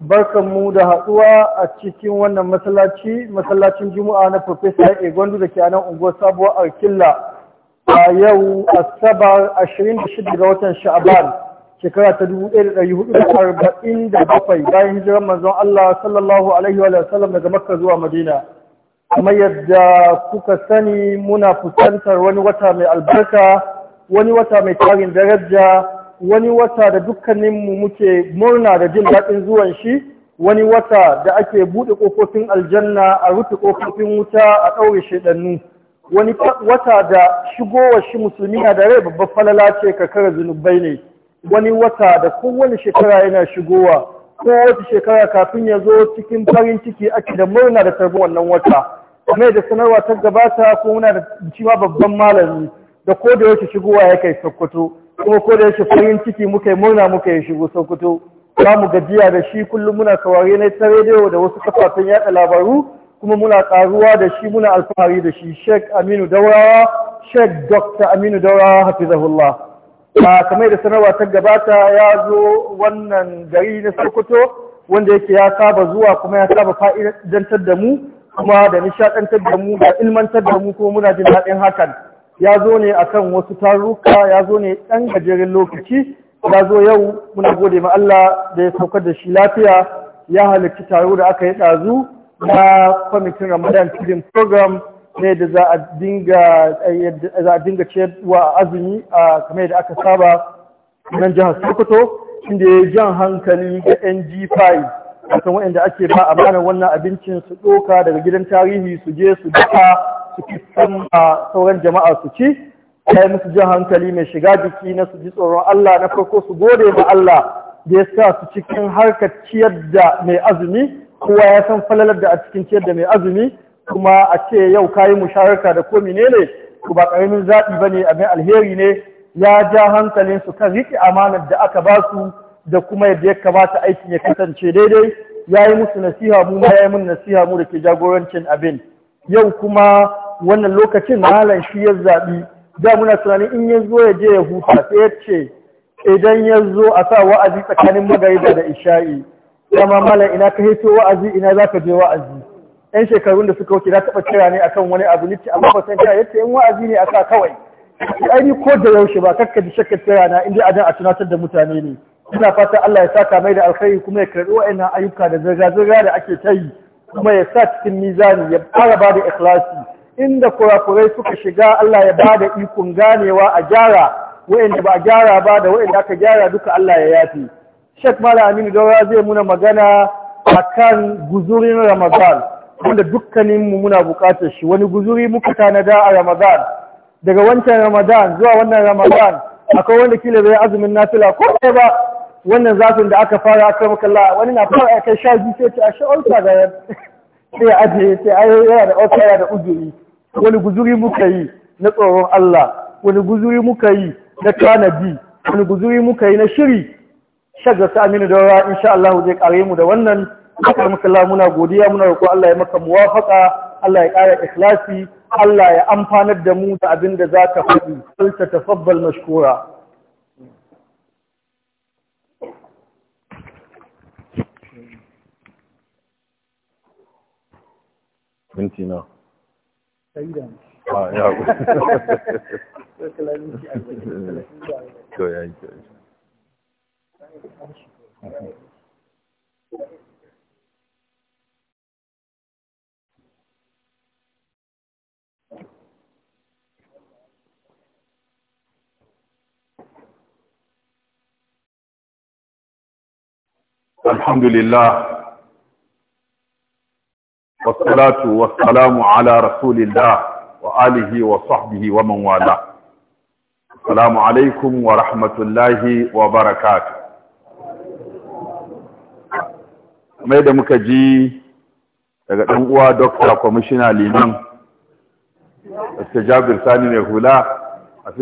Barkan mu da haɗuwa a cikin wannan masallaci masallacin juma'a na professor a gwandu da ke a nan unguwar sabuwar alkilla a yau asabar 26 ga watan sha'aban shekara ta 1447 bayan hijirar manzon Allah sallallahu alaihi wa sallam daga makka zuwa madina kuma yadda kuka sani muna fuskantar wani wata mai albarka wani wata mai tarin daraja wani wata da dukkaninmu muke murna da jin daɗin zuwan shi wani wata da ake buɗe ƙofofin aljanna a rufe ƙofofin wuta a ɗaure shaidannu wani wata da shigowar shi musulmi na da rai babbar falala ce kakar zunubai ne wani wata da kowane shekara yana shigowa ko wata shekara kafin ya zo cikin farin ciki ake da murna da tarbi wannan wata mai da sanarwa ta gabata ko muna da cewa babban malami da ko da yake shigowa ya kai sokoto kuma ko da yake farin ciki muka yi murna muka yi shigo sokoto Zamu mu gajiya da shi kullum muna saurare na ta rediyo da wasu kafafen yaɗa labaru kuma muna ƙaruwa da shi muna alfahari da shi Sheikh Aminu Daurawa Sheikh Dr. Aminu Daurawa hafizahullah a kamar da sanarwa ta gabata ya zo wannan gari na Sokoto wanda yake ya saba zuwa kuma ya saba fa'idantar da mu kuma da nishadantar da mu da ilmantar da mu kuma muna jin daɗin hakan ya zo ne a kan wasu taruka ya zo ne ɗan gajeren lokaci ya zo yau muna gode ma Allah da ya saukar da shi lafiya ya halarci taro da aka yi ɗazu na kwamitin Ramadan Feeding Program ne da za a dinga ciyarwa a azumi a kamar yadda aka saba nan jihar Sokoto inda ya jan hankali ga NG5 akan waɗanda ake ba amanar wannan abincin su ɗoka daga gidan tarihi su je su dafa su kisan a sauran jama'a su ci kai musu jan hankali mai shiga jiki na su ji tsoron Allah na farko su gode ma Allah da ya sa su cikin harkar ciyar da mai azumi kowa ya san falalar da a cikin ciyar da mai azumi kuma a ce yau kayi musharaka da ko menene ku ba karamin zaɓi bane abin alheri ne ya ja hankalin su kan riƙe amanar da aka ba su da kuma yadda ya kamata aikin ya kasance daidai ya yi musu nasiha mu ma ya yi mun nasiha mu da ke jagorancin abin yau kuma wannan lokacin malam shi ya zaɓi da muna tunanin in ya zo ya je ya huta sai ya ce idan ya zo a sa wa'azi tsakanin magariba da isha'i dama malam ina ka hito wa'azi ina za ka je wa'azi yan shekarun da suka wuce na taɓa kira ne akan wani abu nitti amma ba san ya ce in wa'azi ne aka kawai ai ko da yaushe ba kakkaji ji shakka kira na inda a jan a tunatar da mutane ne ina fata Allah ya saka mai da alkhairi kuma ya karbi wa'annan ayyuka da zirga-zirga da ake ta yi kuma ya sa cikin mizani ya fara ba da ikhlasi inda kurakurai suka shiga Allah ya ba da ikon ganewa a gyara wa'anda ba a gyara ba da wa'anda aka gyara duka Allah ya yafi Sheikh Mala Aminu dawa zai muna magana akan guzurin Ramadan wanda dukkaninmu muna bukatar shi wani guzuri muka tanada a Ramadan daga wancan Ramadan zuwa wannan Ramadan akwai wanda kila zai azumin nafila ko ɗaya ba wannan zafin da aka fara aka makalla wani na fara akai sha biyu sai ce a sha'auta ga yan sai aje sai ayo yana da auka yana da uzuri wani guzuri muka yi na tsoron Allah wani guzuri muka yi na tanadi wani guzuri muka yi na shiri shagasa aminu da rawa insha Allah zai kare mu da wannan haka musalla muna godiya muna roƙo Allah ya maka muwafaƙa Allah ya ƙara ikhlasi Allah ya amfanar da mu da abin da za ka faɗi ta tafabbal mashkura minti na ah, ya yi الحمد لله والصلاة والسلام على رسول الله وآله وصحبه ومن والاه السلام عليكم ورحمة الله وبركاته mai da muka ji daga ɗan uwa dokta kwamishina liman da jabir sani mai hula a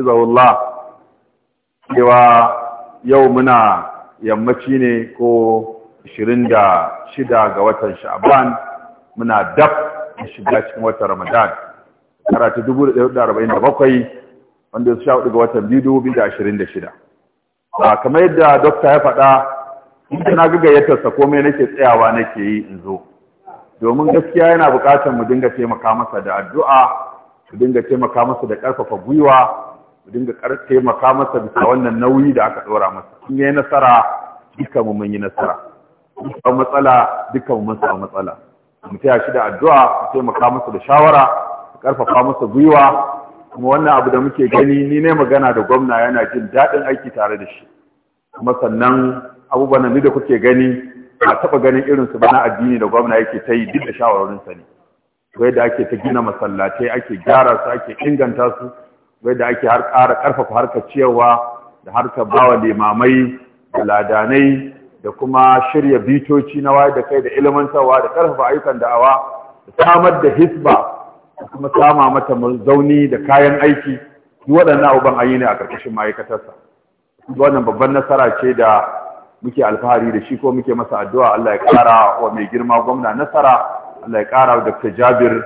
cewa yau muna yammaci ne ko 26 ga watan sha'aban muna daf a shiga cikin watan ramadan karatu 1447 wanda ya ga watan 2026 a kamar yadda dokta ya faɗa in na ga gayyatarsa komai nake tsayawa nake yi in zo domin gaskiya yana buƙatar mu dinga taimaka masa da addu'a mu dinga taimaka masa da ƙarfafa gwiwa mu dinga kar taimaka masa bisa wannan nauyi da aka ɗora masa in yi nasara duka mu mun yi nasara a matsala duka mu mun samu matsala mu taya shi da addu'a mu taimaka masa da shawara mu karfafa masa gwiwa kuma wannan abu da muke gani ni ne magana da gwamna yana jin daɗin aiki tare da shi kuma sannan abubuwan da kuke gani a taɓa ganin irin su bana addini da gwamna yake ta yi duk da shawarorinsa ne ko da ake ta gina masallatai ake gyara su ake inganta su da ake har ƙara ƙarfafa harkar ciyarwa da harkar bawa limamai da ladanai da kuma shirya bitoci na wayar da kai da ilmantarwa da ƙarfafa ayyukan da'awa da samar da hisba da kuma sama mata zauni da kayan aiki duk waɗannan abubuwan an ne a ƙarƙashin ma'aikatarsa wannan babban nasara ce da muke alfahari da shi ko muke masa addu'a Allah ya ƙara wa mai girma gwamna nasara Allah ya ƙara wa Dr. Jabir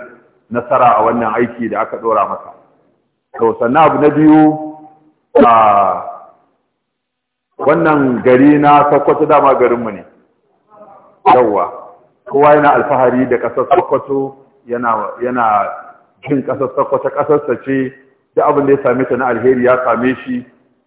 nasara a wannan aiki da aka ɗora masa to sannan abu na biyu a wannan gari na sokoto dama garinmu ne Yauwa, kowa yana alfahari da ƙasar sokoto yana jin ƙasar sokoto ƙasarsa ce da abin da ya same ta na alheri ya same shi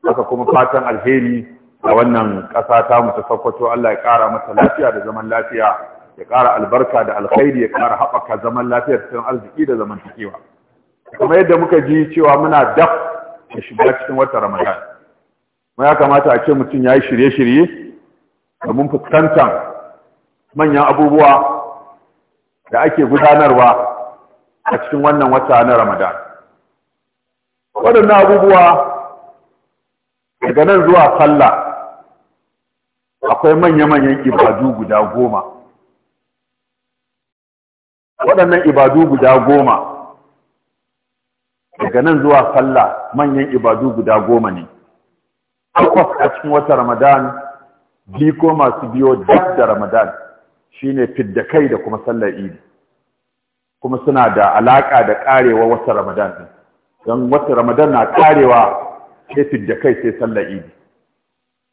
aka kuma fatan alheri a wannan ƙasa ta mutu sokoto Allah ya ƙara mata lafiya da zaman lafiya ya ƙara albarka da alkhairi ya ƙara haɓaka zaman lafiya cikin arziki da zaman kuma yadda muka ji cewa muna daf da shiga cikin wata ramadan ma ya kamata a ce mutum ya yi shirye-shirye domin fuskantar manyan abubuwa da ake gudanarwa a cikin wannan wata na ramadan waɗannan abubuwa daga nan zuwa sallah akwai manya-manyan ibadu guda goma waɗannan ibadu guda goma daga nan zuwa sallah manyan ibadu guda goma ne takwas a cikin wata ramadan biko masu biyo duk da ramadan shine fidda kai da kuma sallar idi kuma suna da alaƙa da karewa wata ramadan din don wata ramadan na karewa sai fidda kai sai sallar idi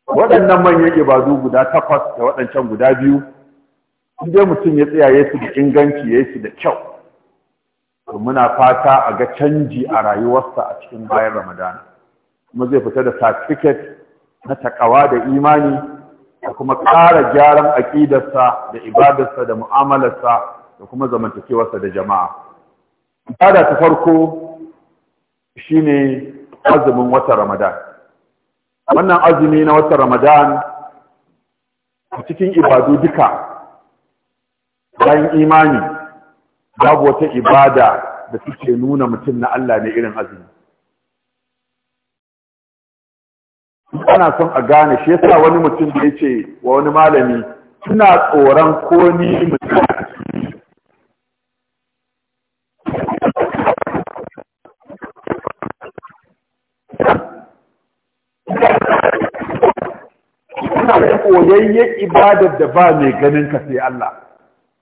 waɗannan manyan ibadu guda takwas da waɗancan guda biyu in je mutum ya tsaya ya su da inganci ya su da kyau muna fata a ga canji a rayuwarsa a cikin bayan ramadana kuma zai fita da certificate na takawa da imani da kuma ƙara gyaran aƙidarsa da ibadarsa da mu'amalarsa da kuma zamantakewarsa da jama'a ibada ta farko shine azumin watan ramadan wannan azumi na watan ramadan a cikin ibadu duka bayan imani babu wata ibada da suke nuna mutum na Allah ne irin azumi ana son a gane shi yasa wani mutum da ya ce wa wani malami suna tsoron ko ni mutum ina koyayyen ibadar da ba mai ganin ka sai Allah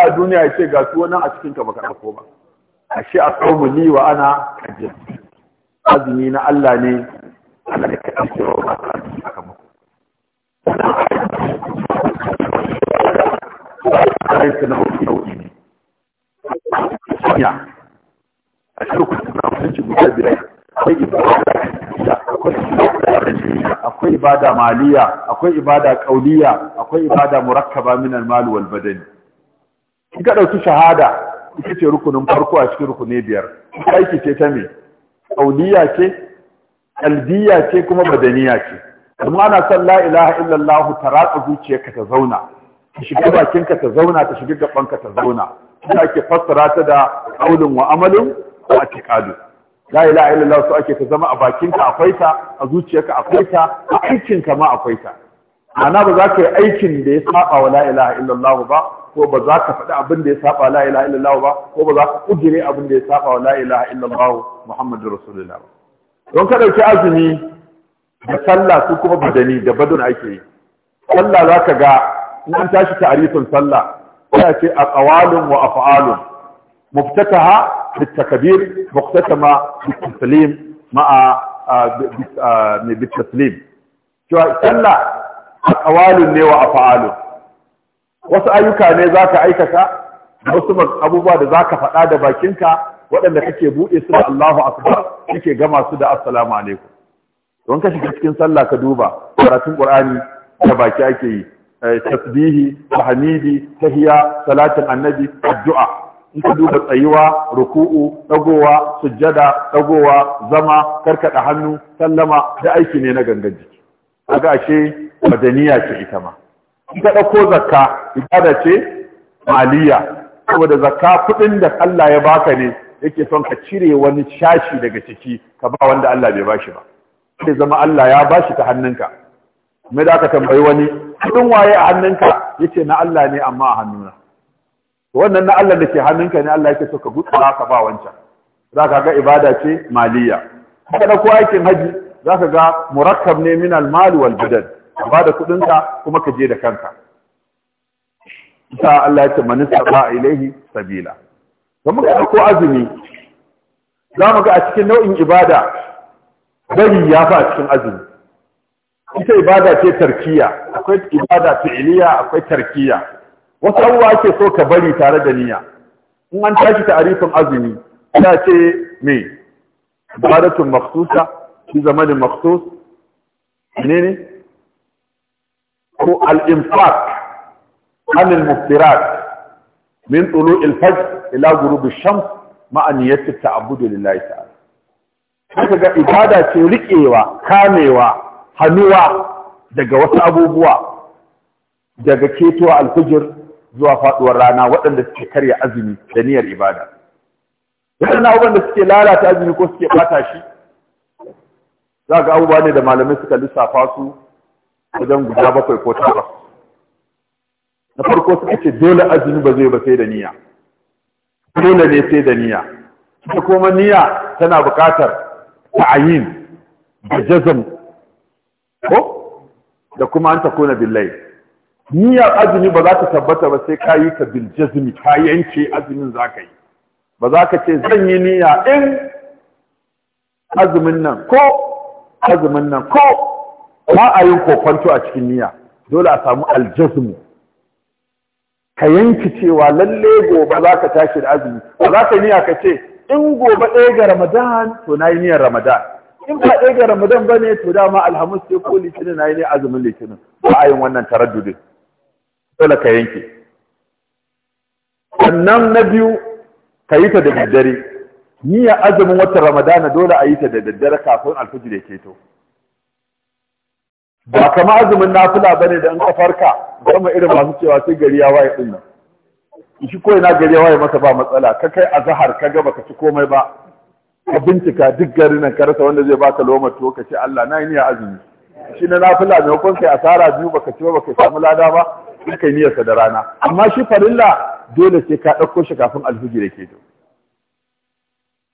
sa duniya ya ce ga su nan a cikin ka baka dauko ba ashe a kawo ni wa ana kajin azumi na Allah ne Allah ne ka ɗauko ba ka aka muku aiki na hauki hauki ne sanya a shirku na mutunci guda biyar akwai ibada akwai akwai ibada maliya akwai ibada kauliya akwai ibada murakkaba min mal wal badani in ka ɗauki shahada ita ce rukunin farko a cikin rukuni biyar aiki ce ta me auliya ce albiya ce kuma badaniya ce amma ana son la ilaha illallah ta ratsa zuciyarka ta zauna ta shiga bakinka ta zauna ta shiga gabanka ta zauna ta ake fassara ta da kaulin wa amalin ko tikalu la ilaha illallah su ake ta zama a bakinka akwai ta a zuciyarka akwai ta a aikinka ma akwai ta ana ba za ka yi aikin da ya saba wa la ilaha illallah ba ko ba za ka faɗi abin da ya saba la ilaha illallah ba ko ba za ka kujire abin da ya saba wa la ilaha illallah muhammadu rasulullah ba don ka ɗauki azumi da sallah su kuma badani da badun ake yi sallah za ka ga in an tashi ta'arifin sallah ya ce a ƙawalin wa af'alun muftataha bitakabir muktatama bitaslim ma'a bitaslim cewa sallah a ƙawalin ne wa af'alun wasu ayyuka ne za ka aikata wasu abubuwa da za ka faɗa da bakinka waɗanda kake buɗe su da Allahu akbar kike gama su da assalamu alaikum don ka shiga cikin sallah ka duba karatun qur'ani da baki ake yi eh, tasbihi tahmidi tahiya salatin annabi addu'a in ka duba tsayuwa ruku'u dagowa sujjada dagowa zama karkada hannu sallama da aiki ne na gangan jiki kaga ashe madaniya ce ita ma in ka ɗauko zakka ibada ce maliya saboda zakka kuɗin da Allah ya baka ne yake son ka cire wani shashi daga ciki ka ba wanda Allah bai bashi ba sai zama Allah ya bashi ta hannunka Me da aka tambayi wani kuɗin waye a hannunka yace na Allah ne amma a hannuna wannan na Allah da ke hannunka ne Allah yake so ka gutsura ka ba wancan za ka ga ibada ce maliya Ka ɗauko ko aikin haji za ka ga murakkab ne min al-mal wal badal ka ba da kuɗinka kuma ka je da kanka sa Allah ya ce man istata ilaihi sabila to muka ko azumi za mu ga a cikin nau'in ibada bari ya fa a cikin azumi ita ibada ce tarkiya akwai ibada iliya akwai tarkiya wasu abubuwa ake so ka bari tare da niyya in an tashi ta'arifin azumi ta ce me ibadatun makhsusa shi zamanin makhsus ne ne ko al-infaq an al-muftirat min tulu al-fajr ila ghurub ash-shams ma'a niyyati ta'abbudu lillahi ta'ala kaga ibada ce riƙewa kamewa hannuwa daga wasu abubuwa daga ketowa alfijir zuwa faduwar rana waɗanda suke karya azumi da niyyar ibada waɗannan na da suke lalata azumi ko suke ɓata shi za ga abubuwa ne da malamai suka lissafa su wajen guda bakwai ko tara na farko suka ce dole azumi ba zai ba sai da niyya dole ne sai da niyya ita kuma niyya tana buƙatar ta'ayin da jazam ko da kuma an takuna billahi niyyar azumi ba za ta tabbata ba sai ka yi ta bil jazmi ka yanke azumin za ka yi ba za ka ce zan yi niyya in azumin nan ko azumin nan ko ba a yi kokwanto a cikin niyya dole a samu aljazmu ka yanki cewa lalle gobe za ka tashi da azumi ba za ka niyya ka ce in gobe ɗaya ga ramadan to na yi niyyar ramadan in ba ɗaya ga ramadan ba ne to dama alhamis sai ko litinin na yi ne azumin litinin ba a yin wannan taraddudin dole ka yanke sannan na biyu ka yi ta da daddare niyyar azumin watan ramadana dole a yi ta da daddare kafin alfijir ya keto ba kama azumin nafila bane da in ka farka kuma irin masu cewa sai gari ya waye din nan shi ko ina gari ya waye masa ba matsala ka kai azhar ka ga baka ci komai ba ka bincika duk garin nan ka rasa wanda zai baka lomar to ka ce Allah na yi niyya azumi shi na nafila ne kun kai asara biyu baka ci ba baka samu lada ba in kai niyyarsa da rana amma shi farilla dole sai ka dauko shi kafin alhijira ke to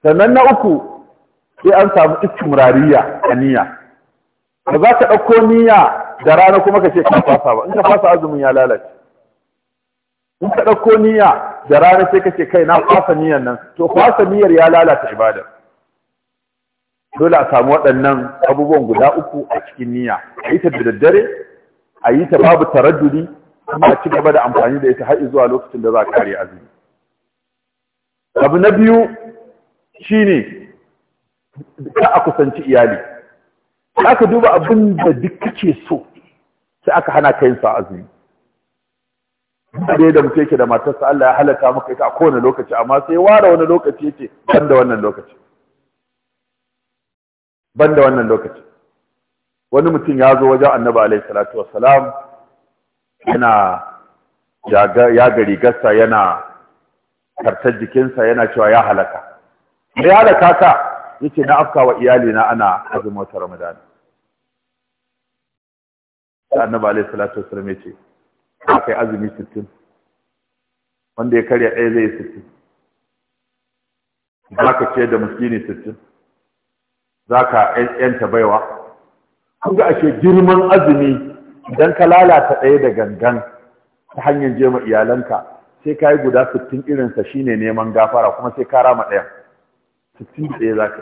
sannan na uku sai an samu istimrariya a niyya ba za ka ɗauko niyya da rana kuma ka ce ka fasa ba in ka fasa azumin ya lalace in ka ɗauko niyya da rana sai ka ce kai na fasa niyyar nan to fasa niyyar ya lalata ibada dole a samu waɗannan abubuwan guda uku a cikin niyya a yi ta da daddare a yi ta babu taraddudi kuma a ci gaba da amfani da ita har zuwa lokacin da za ka kare azumi abu na biyu shine ka a kusanci iyali sai ka duba abin da duk kake so sai aka hana ka yin sa azumi dai da muke yake da matarsa Allah ya halaka maka ita a kowane lokaci amma sai ware wani lokaci yake ban da wannan lokaci ban da wannan lokaci wani mutum ya zo wajen annabi alaihi salatu wassalam yana ya ga rigarsa yana kartar jikinsa yana cewa ya halaka ya halaka ka yace na afkawa wa iyalina ana azumin wata ramadana da annabi alaihi salatu wasallam yace akai yi azumi sittin wanda ya karya ɗaya zai yi sittin za ka ce da miskini sittin za ka yanta baiwa kun ga ashe girman azumi idan ka lalata ɗaya da gangan ta hanyar je ma iyalanka sai ka yi guda sittin irinsa shine neman gafara kuma sai ka rama ɗaya sittin da ɗaya za ka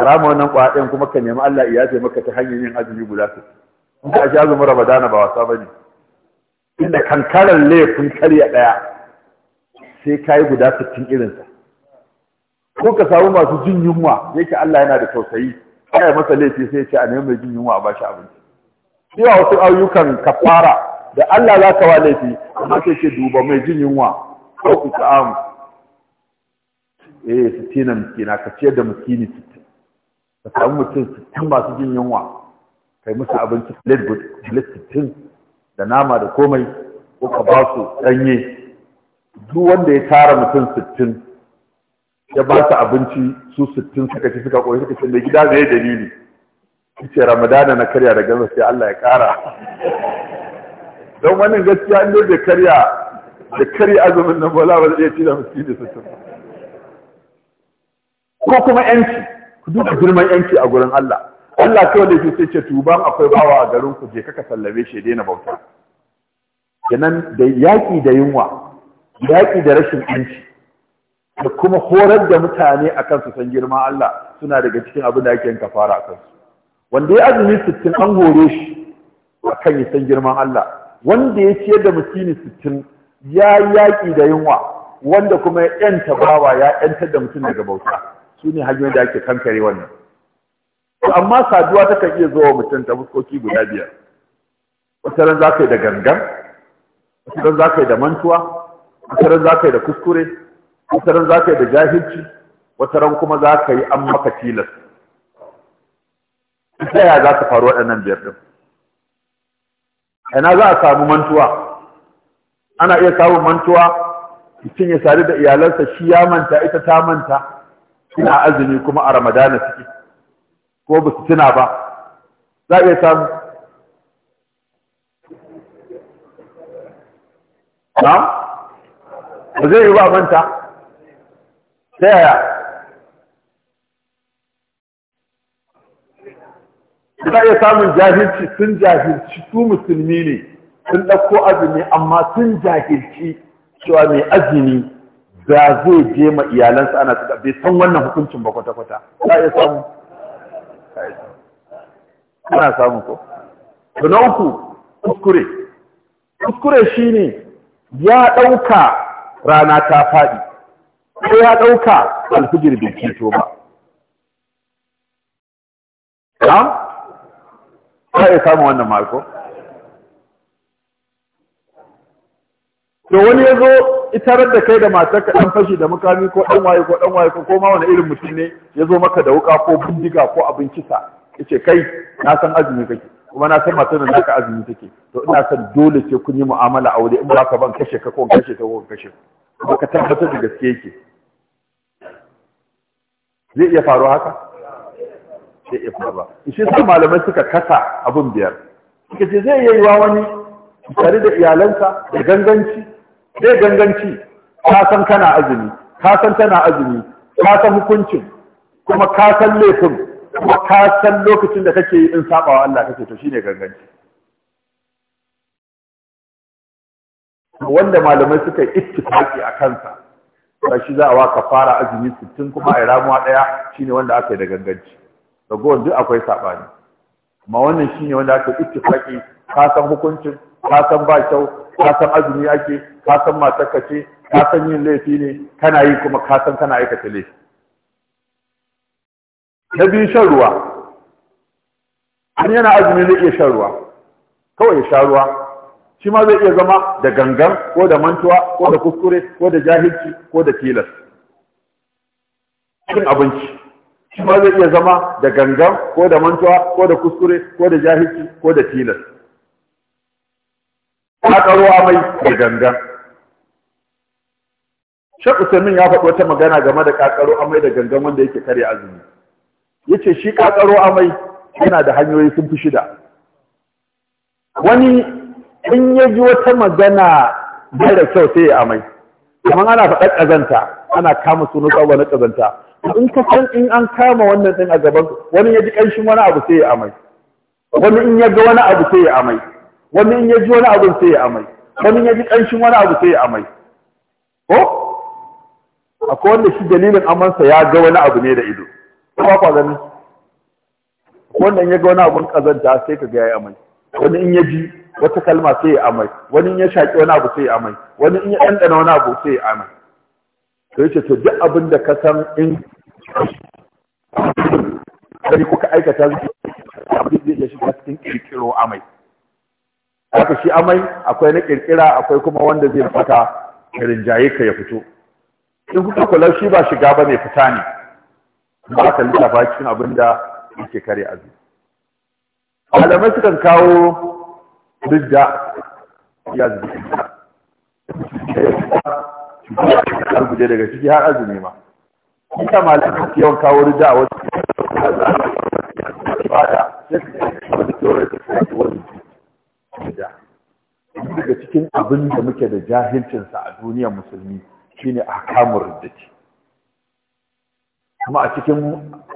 yi rama wannan ƙwaɗayan kuma ka nemi Allah iya maka ta hanyar yin azumi guda sittin in ka shi azumin ramadana ba wasa ba ne inda kankarar laifin karya ɗaya sai ka yi guda sittin irinsa ko ka samu masu jin yunwa yake Allah yana da tausayi kai masa laifi sai ya ce a nemi mai jin yunwa a shi abinci wa wasu ayyukan kafara da Allah za ka wa laifi amma sai ce duba mai jin yunwa ko ku amu eh sittina miskina ka ciyar da miskini sittin ka samu mutum sittin masu jin yunwa kai musu abinci plate da nama da komai ko ka ba su ɗanye duk wanda ya tara mutum sittin ya ba su abinci su sittin suka ci suka koyi suka ce mai gida zai dalili ce ramadana na karya da gaza sai Allah ya kara don wannan gaskiya ne bai karya da karya azumin nan bola ba zai iya ci da miskini sittin ko kuma yanci ku duka girman yanci a gurin Allah Allah kawai ke sai ce tuban akwai bawa a garin ku je kaka sallame shi ya daina bauta kenan da yaƙi da yunwa yaƙi da rashin yanci da kuma horar da mutane akan su san girma Allah suna daga cikin abin da ake yin kafara a su wanda ya azumi sittin an hore shi akan ya san girman Allah wanda ya ciyar da mutini sittin ya yaƙi da yunwa wanda kuma ya ƴanta bawa ya ƴantar da mutum daga bauta su ne hanyoyin da ake kankare wannan amma saduwa ta kan iya zuwa mutum ta fuskoki guda biyar wata ran za ka yi da gangan wata ran za ka yi da mantuwa wata ran za ka yi da kuskure wata ran za ka yi da jahilci wata ran kuma za ka yi an maka tilas ya yaya za ka faru waɗannan biyar ɗin ina za a samu mantuwa ana iya samun mantuwa mutum ya sadu da iyalansa shi ya manta ita ta manta ina azumi kuma a ramadana suke ko ba su tuna ba za a iya samu na ba zai yi ba manta ta yaya za a iya samun jahilci sun jahilci su musulmi ne sun ɗauko azumi amma sun jahilci cewa mai azumi ga zai je ma iyalansa ana su bai san wannan hukuncin ba kwata-kwata za a iya samu ana samu ko to na uku kuskure kuskure shine ya ɗauka rana ta faɗi ko ya ɗauka alfijir bai ceto ba A ka iya samun wannan mako? to wani ya zo itarar da kai da matar ka dan fashi da mukami ko dan waye ko dan waye ko koma wani irin mutum ne ya zo maka da wuka ko bindiga ko abin kisa ce kai na san azumi kake kuma na san matar da naka azumi take to ina san dole ce kun yi mu'amala a wuri in ba ka ban kashe ka ko kashe ka ko kashe ka ka tabbatar da gaske yake zai iya faru haka zai iya faru ba shi sa malamai suka kasa abin biyar suka ce zai iya yiwa wani tare da iyalansa da ganganci Zai ganganci ka san kana azumi ka san tana azumi ka san hukuncin kuma ka san laifin kuma ka san lokacin da kake in sabawa Allah kake to shine ganganci wanda malamai suka yi ittifaki a kansa ba shi za a waka fara azumi 60 kuma a ramuwa daya shine wanda aka yi da ganganci ragowar duk akwai saɓani amma wannan shine wanda aka ittifaki ka san hukuncin ka san ba kyau ka san azumi ake ka san matarka ce ka san yin laifi ne kana yi kuma ka san kana aikata laifi na biyu shan ruwa an yana azumi zai iya shan ruwa kawai ya sha ruwa shi ma zai iya zama da gangan ko da mantuwa ko da kuskure ko da jahilci ko da tilas cin abinci shi ma zai iya zama da gangan ko da mantuwa ko da kuskure ko da jahilci ko da tilas haka ruwa amai da gangan Shek Usaimin ya faɗi wata magana game da ƙaƙaro amai da gangan wanda yake karya azumi. Ya ce shi ƙaƙaro amai yana da hanyoyi sun fi shida. Wani in ya ji wata magana mara kyau sai ya amai. Kamar ana faɗa ƙazanta, ana kama sunu tsawon na ƙazanta. In ka san in an kama wannan ɗin a gaban wani ya ji ƙanshin wani abu sai ya amai. Wani in ya ga wani abu sai ya amai. wani in ya ji wani abu sai ya amai wani in ya ji ƙanshin wani abu sai ya amai ko akwai wanda shi dalilin amansa ya ga wani abu ne da ido ba kwa gani wanda in ya ga wani abun kazanta sai ka ga ya amai wani in ya ji wata kalma sai ya amai wani in ya shaƙi wani abu sai ya amai wani in ya ɗanɗana wani abu sai ya amai to yace to duk abin da ka san in kuka aikata zai iya shiga cikin kirkiro amai haka shi amai akwai na kirkira akwai kuma wanda zai fata rinjaye ka ya fito in kuka kula shi ba shiga ba ne fita ne ba ka lissafa cikin abin da yake kare azu malamai sukan kawo duk da ya zubi har daga ciki har azumi ma ita malamai su yawan kawo da a wasu ba sai su kawo da daga cikin abin da muke da jahilcinsa a duniya musulmi shine ahkamur riddati kuma a cikin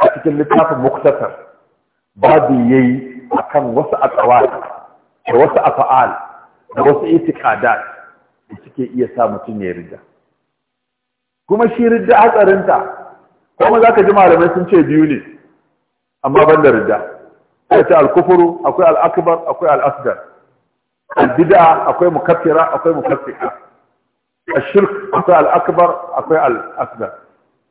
a cikin littafin muktasar babu a kan wasu atsawa da wasu afa'al da wasu itiqadat da suke iya sa mutum ya rida kuma shi rida hatsarinta kuma ka ji malamai sun ce biyu ne amma ban da rida al akwai al akwai al'asgar albida akwai mukaffira akwai mukaffika alshirk akwai alakbar akwai alasgar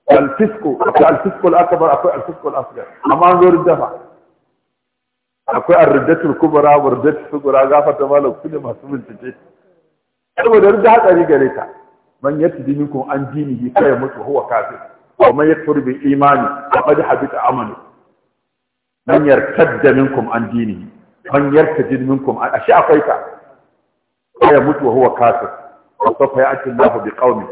alfisku akwai alfisku alakbar akwai alfisku alasgar amma an zo riddafa akwai arriddatul kubra wa riddatul sugra gafata malak kullu ma sun tace saboda ridda hadari gare ta man yatdi minkum an dinihi fa yamutu huwa kafir wa man yakfur bi imani faqad habita amalu man yartadda minkum an dinihi man yartajid minkum a shi akwai ka ya mutu wa huwa kafir wa sawfa ya'ti Allahu bi qaumin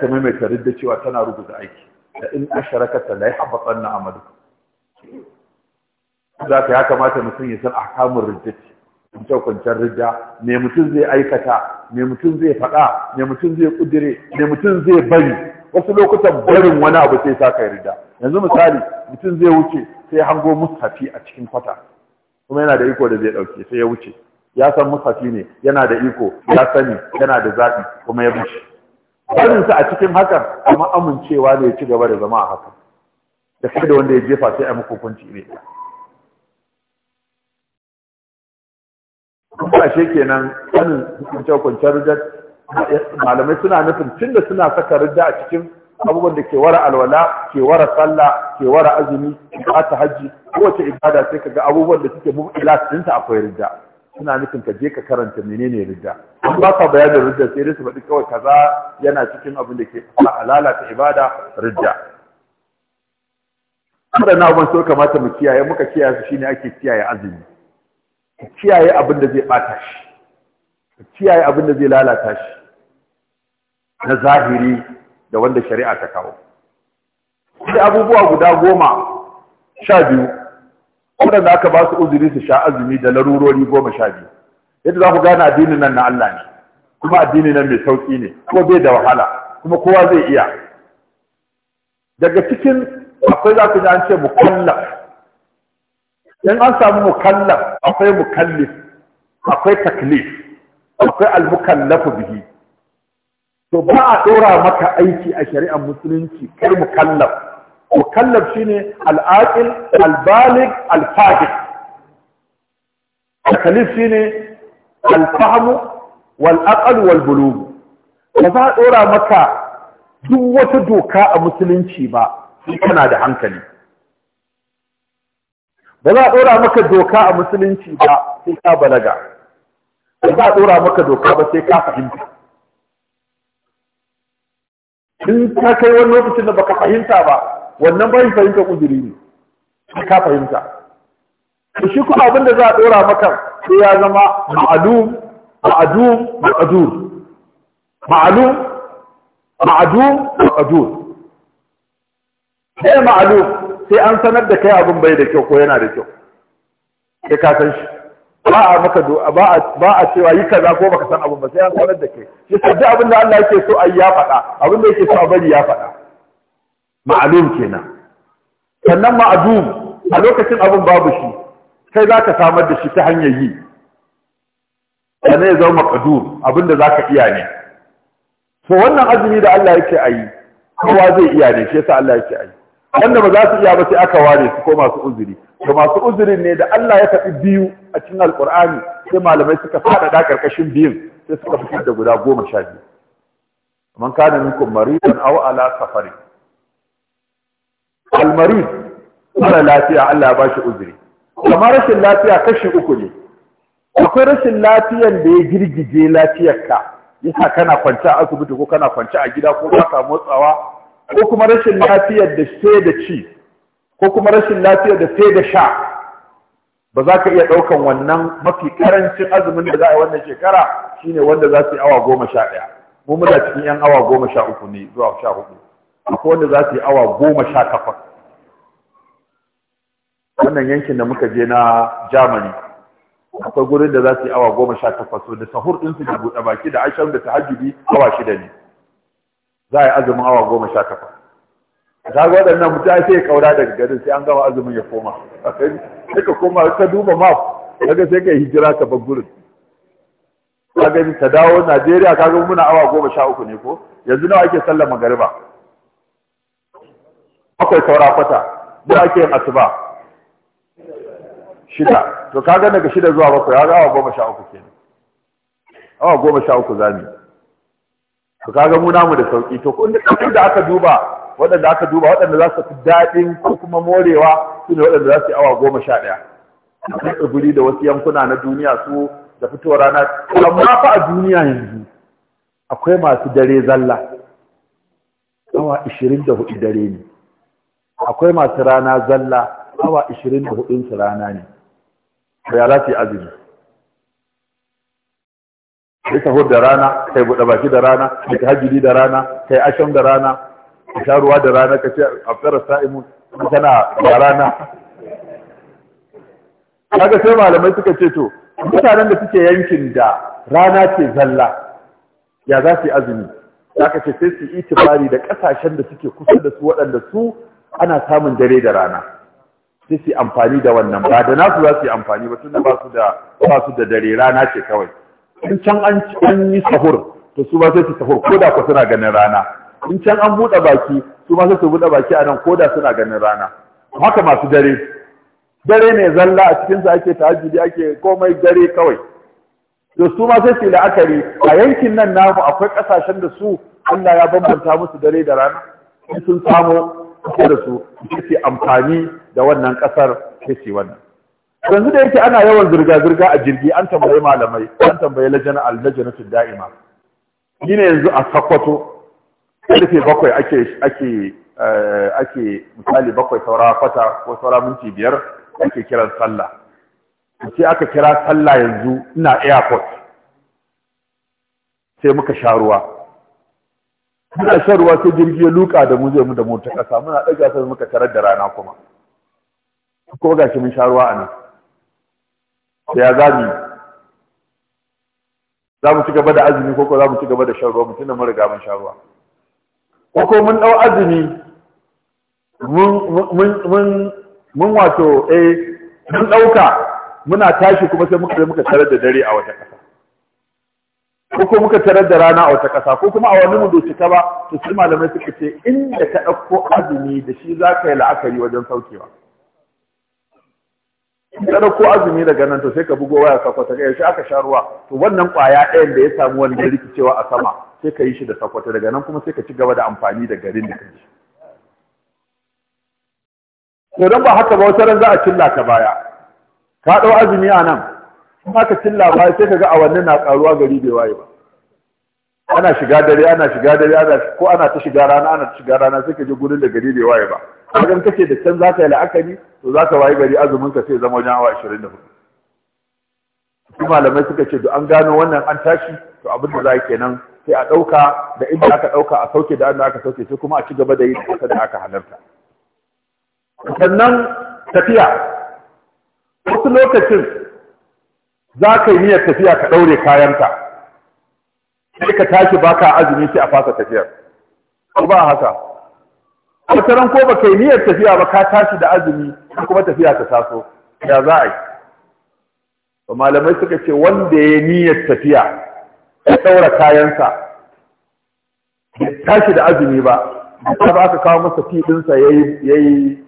ta maimaita ridda cewa tana rubuta aiki da in asharakata la yahbatanna amaluka ka ya kamata mutum ya san ahkamur riddati ta kwanciyar ridda me mutum zai aikata me mutum zai faɗa me mutum zai kudire me mutum zai bari wasu lokutan barin wani abu sai sa kai ridda yanzu misali mutum zai wuce sai hango mustafi a cikin kwata kuma yana da iko da zai ɗauke sai ya wuce ya san musafi ne yana da iko ya sani yana da zaɓi kuma ya bushe barinsa a cikin hakan amma amincewa ne ya ci gaba da zama a hakan da kai da wanda ya jefa sai a muku hukunci ne ashe kenan sanin hukuncen hukuncen malamai suna nufin tun da suna saka rida a cikin abubuwan da ke wara alwala ke wara sallah ke wara azumi ba ta hajji kowace ibada sai ka ga abubuwan da suke mubilat dinta akwai ridda suna nufin ka je ka karanta menene ridda an ba ka bayanin ridda sai dai su faɗi kawai kaza yana cikin abin da ke ta ibada ridda na abubuwan so kamata mu kiyaye muka kiyaye su shine ake kiyaye azumi kiyaye abin da zai bata shi kiyaye abin da zai lalata shi na zahiri da wanda shari'a ta kawo da abubuwa guda goma sha biyu waɗanda aka ba su uzuri su sha azumi da larurori goma sha biyu yadda za ku gane addinin nan na Allah ne kuma addini nan mai sauƙi ne kuma bai da wahala kuma kowa zai iya daga cikin akwai za ku ji an ce mukallaf in an samu mukallaf akwai mukallif akwai taklif akwai almukallafu bihi to ba a ɗora maka aiki a shari'ar musulunci kai mukallaf mukallaf shine al'aqil albalig alfaqih takalif shine alfahmu wal aql wal bulugh ba za a ɗora maka duk wata doka a musulunci ba sai kana da hankali ba za a ɗora maka doka a musulunci ba sai ka balaga ba za a ɗora maka doka ba sai ka fahimta in ka kai wani lokacin da baka fahimta ba wannan bai fahimta uzuri ne ka fahimta to shi abin da za a ɗora maka sai ya zama ma'alum ma'adum ma'adur ma'alum ma'adum ma'adur sai ma'alum sai an sanar da kai abin bai da kyau ko yana da kyau sai ka san shi ba a maka ba a cewa yi kaza ko baka san abin ba sai an sanar da kai shi duk abin da Allah yake so ai ya faɗa abin da yake so a bari ya faɗa ma'alum kenan sannan ma'adum a lokacin abin babu shi kai za ka samar da shi ta hanyar yi sannan ya zama maqdur abin da za ka iya ne To wannan azumi da Allah yake ayi kowa zai iya ne shi yasa Allah yake ayi wanda ba za su iya ba sai aka ware su ko masu uzuri to masu uzurin ne da Allah ya faɗi biyu a cikin alkur'ani sai malamai suka faɗaɗa karkashin biyun sai suka fitar da guda goma sha biyu man kana minkum maridan aw ala safari al marid mara lafiya Allah ya bashi uzuri kamar rashin lafiya kashi uku ne akwai rashin lafiyan da ya girgije lafiyar lafiyarka yasa kana kwance a asibiti ko kana kwance a gida ko ka samu motsawa ko kuma rashin lafiyar da sai da ci ko kuma rashin lafiyar da sai da sha ba za ka iya ɗaukan wannan mafi karancin azumin da za a yi wannan shekara shine wanda za su yi awa goma sha ɗaya mu muna cikin yan awa goma sha uku ne zuwa sha hudu akwai wanda za su yi awa goma sha takwas wannan yankin da muka je na germany akwai gurin da za su yi awa goma sha takwas da sahur ɗinsu da buɗe baki da ashirin da tahajjudi awa shida ne za a yi azumin awa goma sha kafa ta ga waɗannan mutum sai ya kaura daga garin sai an gama azumin ya koma sai ka koma ka duba map kaga sai ka yi hijira ka bar gurin ka gani ka dawo Najeriya ka ga muna awa goma sha uku ne ko yanzu nawa ake sallar magariba akwai saura kwata da ake yin asuba shida to ka ga daga shida zuwa bakwai ya ga awa goma sha uku kenan awa goma sha uku zamu to kaga mu namu da sauki to kun da aka duba waɗanda aka duba waɗanda za su fi daɗin ko kuma morewa su ne waɗanda za su yi awa goma sha ɗaya akwai tsibiri da wasu yankuna na duniya su da fitowar rana amma fa a duniya yanzu akwai masu dare zalla awa ishirin da hudu dare ne akwai masu rana zalla awa ishirin da su rana ne to ya za su yi azumi kai sahur da rana kai buɗe baki da rana kai tahajjudi da rana kai asham da rana ka sha ruwa da rana ka ce fara sa'imu kana da rana kaga sai malamai suka ce to mutanen da suke yankin da rana ke zalla ya za su yi azumi za ka ce sai su itibari da kasashen da suke kusa da su waɗanda su ana samun dare da rana sai su amfani da wannan ba da nasu za su yi amfani ba tunda ba su da dare rana ce kawai in can an yi sahur to su ma sai su sahur ko da ku suna ganin rana in can an buɗe baki su ma sai su buɗe baki a nan ko da suna ganin rana haka masu dare dare ne zalla a cikin cikinsa ake tahajjudi ake komai dare kawai to su ma sai su la'akari a yankin nan namu akwai ƙasashen da su Allah ya bambanta musu dare da rana sun samu da su sai amfani da wannan ƙasar sai wannan yanzu da yake ana yawan zirga-zirga a jirgi an tambayi malamai an tambayi lajana allajanatul da'ima ni ne yanzu a sakwato karfe bakwai ake ake eh, ake misali bakwai saura kwata ko saura minti biyar ake kiran sallah sai aka kira sallah yanzu ina airport sai muka sha ruwa muna shan ruwa sai jirgi ya luka da mu zai mu da mu ta kasa muna daga sai muka tarar da rana kuma kuma gashi mun sha ruwa a nan ya za mu za mu ci gaba da azumi ko ko za mu ci gaba da shan ruwa mutum da mun riga mun sha ruwa ko ko mun dau azumi mun mun mun wato eh mun dauka muna tashi kuma sai muka muka tarar da dare a wata kasa ko ko muka tarar da rana a wata kasa ko kuma a wani mu bai cika ba to sai malamai suka ce inda ka dauko azumi da shi za ka yi la'akari wajen saukewa ka ɗauko azumi daga nan to sai ka bugo waya sakwata ga yaushe aka sha ruwa to wannan ƙwaya ɗayan da ya samu wani wanda rikicewa a sama sai ka yi shi da sakwata daga nan kuma sai ka ci gaba da amfani da garin da kaji to don ba haka ba wata ran za a cilla ka baya ka ɗau azumi a nan in aka cilla baya sai ka ga wannan na ƙaruwa gari bai waye ba ana shiga dare ana shiga dare ana ko ana ta shiga rana ana ta shiga rana sai ka je gurin da gari bai waye ba idan kace da can zaka yi la'akari to zaka waye gari azumin ka sai zama wajen awa 24 su malamai suka ce an gano wannan an tashi to abin da za kenan sai a ɗauka da inda aka ɗauka a sauke da inda aka sauke sai kuma a ci gaba da yi da da aka halarta sannan tafiya wasu lokacin za ka yi niyyar tafiya ka ɗaure kayanka sai ka tashi baka azumi sai a fasa tafiyar ko ba haka wata ko ba kai niyyar tafiya ba ka tashi da azumi kuma tafiya ta taso ya za a yi ba malamai suka ce wanda ya niyyar tafiya ya daura kayansa bai tashi da azumi ba ba aka kawo masa fiɗinsa ya yi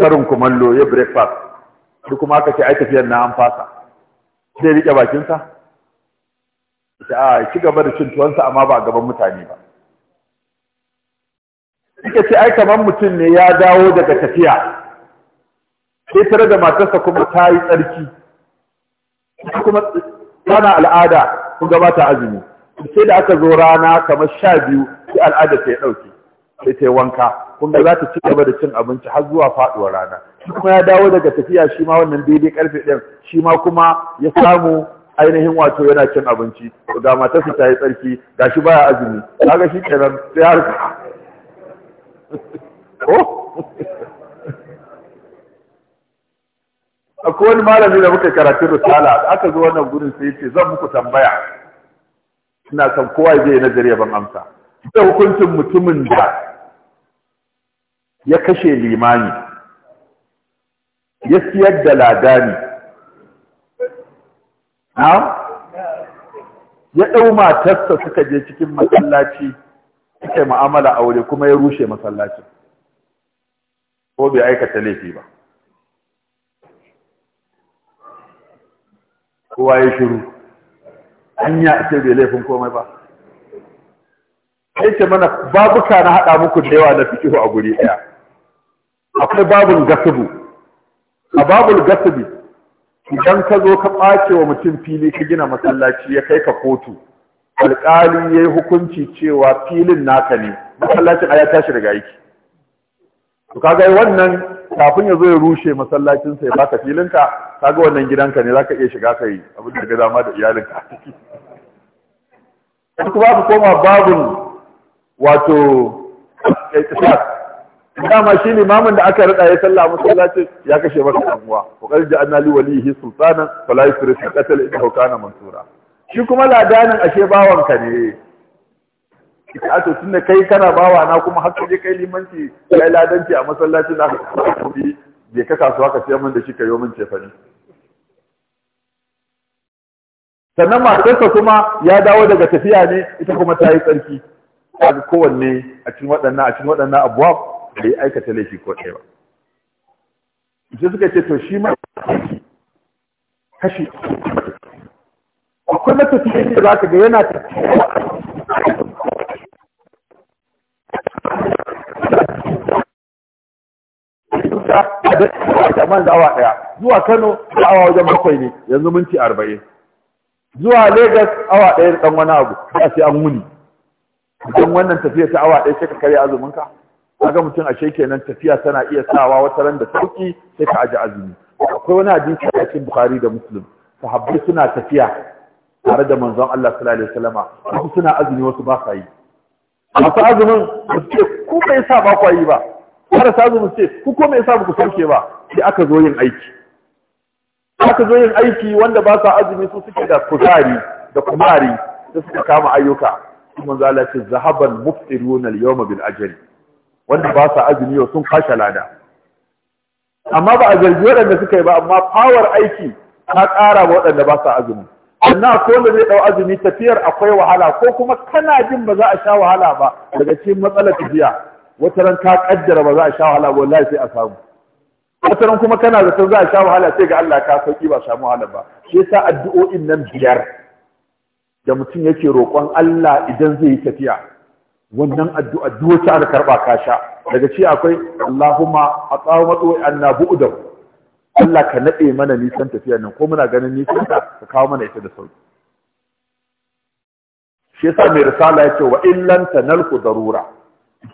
karin kumallo ya breakfast duk kuma aka ce ai tafiyar na an fasa zai rike bakinsa a ah, ci gaba da cin tuwansa amma ba gaban mutane ba suka ce ai kamar mutum ne ya dawo daga tafiya sai tare da matarsa kuma ta yi tsarki kuma tana al'ada kun gabata azumi sai da aka zo rana kamar sha biyu sai al'ada ta ya ɗauke sai ta yi wanka kun ga za ta ci gaba da cin abinci har zuwa faɗuwar rana kuma ya dawo daga tafiya shi ma wannan daidai karfe ɗin shi ma kuma ya samu ainihin wato yana cin abinci ga matarsa ta yi tsarki ga shi baya azumi kaga shi kenan sai har akwai wani malami da muka karatun risala aka zo wannan gurin sai ce zan muku tambaya ina son kowa zai nazari ban amsa da hukuncin mutumin da ya kashe limani ya siyar da ladani ya ɗau matarsa suka je cikin masallaci suka yi mu'amala aure kuma ya rushe masallacin ko bai aikata laifi ba kowa ya shiru hanya ce bai laifin komai ba sai ce mana babuka na haɗa muku da yawa na fikihu a guri ɗaya akwai babul gasubu a babul gasubi idan ka zo ka ɓace wa mutum fili ka gina masallaci ya kai ka kotu alƙali ya yi hukunci cewa filin naka ne masallacin a ya tashi daga aiki to kaga wannan kafin ya zo ya rushe masallacin sai baka filinka kaga wannan gidan ka ne zaka iya shiga kai abin da ga dama da iyalinka ka. ciki ba ku koma babun wato eh, eh, dama shi limamin da aka rada ya sallah masallacin ya kashe maka dan uwa wa qad ja'alna li walihi sultana fala yusrif qatl innahu kana mansura shi kuma ladanin ashe bawanka ne a to tunda kai kana bawa na kuma har kaje kai limanci kai ladanci a masallacin da aka kuɗi je ka kasuwa ka sayar min da shi ka yo min cefani sannan matarsa kuma ya dawo daga tafiya ne ita kuma ta yi tsarki kowanne a cikin waɗannan a cikin waɗannan abuwa yi aikata laifi ko ɗaya ba Ita suka ce to shi ma kashi akwai matafiya da za ka ga yana tafiya kamar da awa ɗaya zuwa kano da awa wajen bakwai ne yanzu minti arba'in zuwa Legas awa ɗaya da ɗan wani abu ba sai an wuni don wannan tafiya ta awa ɗaya sai ka karya azumin ka kaga mutum ashe kenan tafiya tana iya sawa wata ran da sauki sai ka aji azumi akwai wani hadisi a cikin bukhari da muslim sahabbai suna tafiya tare da manzon Allah sallallahu alaihi wasallam wasu suna azumi wasu ba sa yi masu azumin ce ku bai sa ba ku yi ba marasa azumin ce ku ko mai sa ku sauke ba sai aka zo yin aiki aka zo yin aiki wanda ba sa azumi su suke da kuzari da kumari da suka kama ayyuka kuma zalati ce zahaban muftiruna al-yawma bil ajri wanda ba sa azumi yau sun kwashe lada amma ba a zargi waɗanda suka yi ba amma fawar aiki ta ƙara wa waɗanda ba sa azumi sannan a wanda zai ɗau azumi tafiyar akwai wahala ko kuma kana jin ba za a sha wahala ba daga cikin matsalar tafiya wata ran ka ƙaddara ba za a sha wahala ba wallahi sai a samu wata ran kuma kana zaton za a sha wahala sai ga Allah ka sauki ba samu wahala ba shi yasa addu'o'in nan biyar da mutum yake roƙon Allah idan zai yi tafiya wannan addu'a duwa wacce aka karba ka sha daga ci akwai Allahumma atsawo bu'u da udam Allah ka nade mana nisan tafiya nan ko muna ganin nisan ta ka kawo mana ita da sauki shi yasa mai risala yace wa illan tanalku darura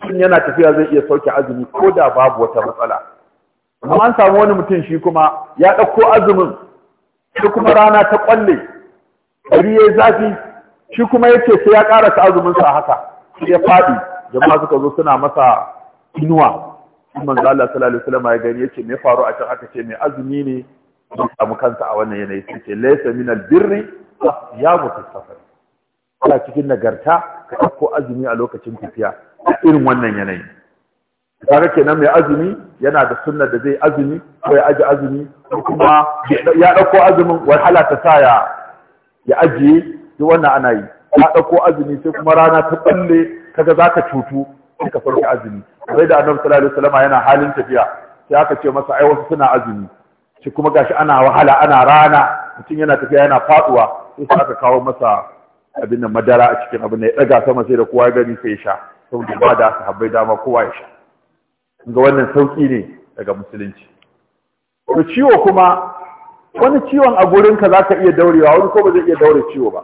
kin yana tafiya zai iya sauke azumi ko da babu wata matsala amma an samu wani mutum shi kuma ya dauko azumin shi kuma rana ta kwalle gari yayi zafi shi kuma ya ce sai ya karasa azumin sa haka ya faɗi jama'a suka zo suna masa inuwa in manzo Allah sallallahu alaihi wasallam ya gani yace me faru a can aka ce mai azumi ne ya samu kansa a wannan yanayi sai ce laysa min albirri ya mutu safar ala cikin nagarta ka ɗauko azumi a lokacin tafiya a irin wannan yanayi kaga kenan mai azumi yana da sunnar da zai azumi ko ya aji azumi ko kuma ya ɗauko azumin wahala ta sa ya ajiye duk wannan ana yi ka ɗauko azumi sai kuma rana ta tsalle kaga za ka cutu sai ka farka azumi sai da annabi sallallahu alaihi wasallam yana halin tafiya sai aka ce masa ai wasu suna azumi shi kuma gashi ana wahala ana rana mutum yana tafiya yana faduwa sai sai aka kawo masa abin nan madara a cikin abin da ya daga sama sai da kowa ya gani sai ya sha saboda ba da sahabbai dama kowa ya sha ga wannan sauki ne daga musulunci to ciwo kuma wani ciwon a gurinka ka iya daurewa wani ko ba zai iya daure ciwo ba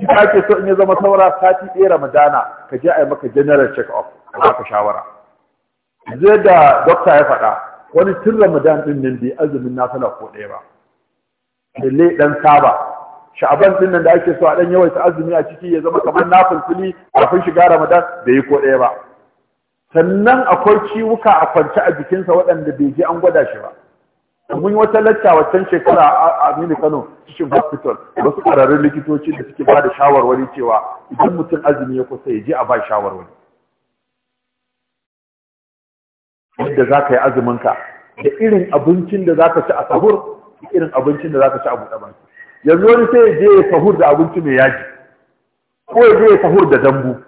in ka ke so in ya zama saura sati ɗaya ramadana ka je a yi maka general check up a baka shawara zai da dokta ya faɗa wani tun ramadan ɗin nan bai azumin na sana ko ɗaya ba lalle ɗan saba sha'aban ɗin nan da ake so a ɗan yawaita azumi a ciki ya zama kamar nafilfili kafin shiga ramadan bai yi ko ɗaya ba sannan akwai ciwuka a kwance a jikinsa waɗanda bai je an gwada shi ba mun wata latta waccan shekara a Aminu Kano cikin hospital wasu kararrun likitoci da suke ba da shawarwari cewa idan mutum azumi ya kusa ya je a ba shawarwari. Yadda za ka yi azuminka da irin abincin da za ka ci a sahur da irin abincin da za ka ci a buɗe baki. Yanzu wani sai ya je ya sahur da abinci mai yaji ko ya je ya sahur da dambu.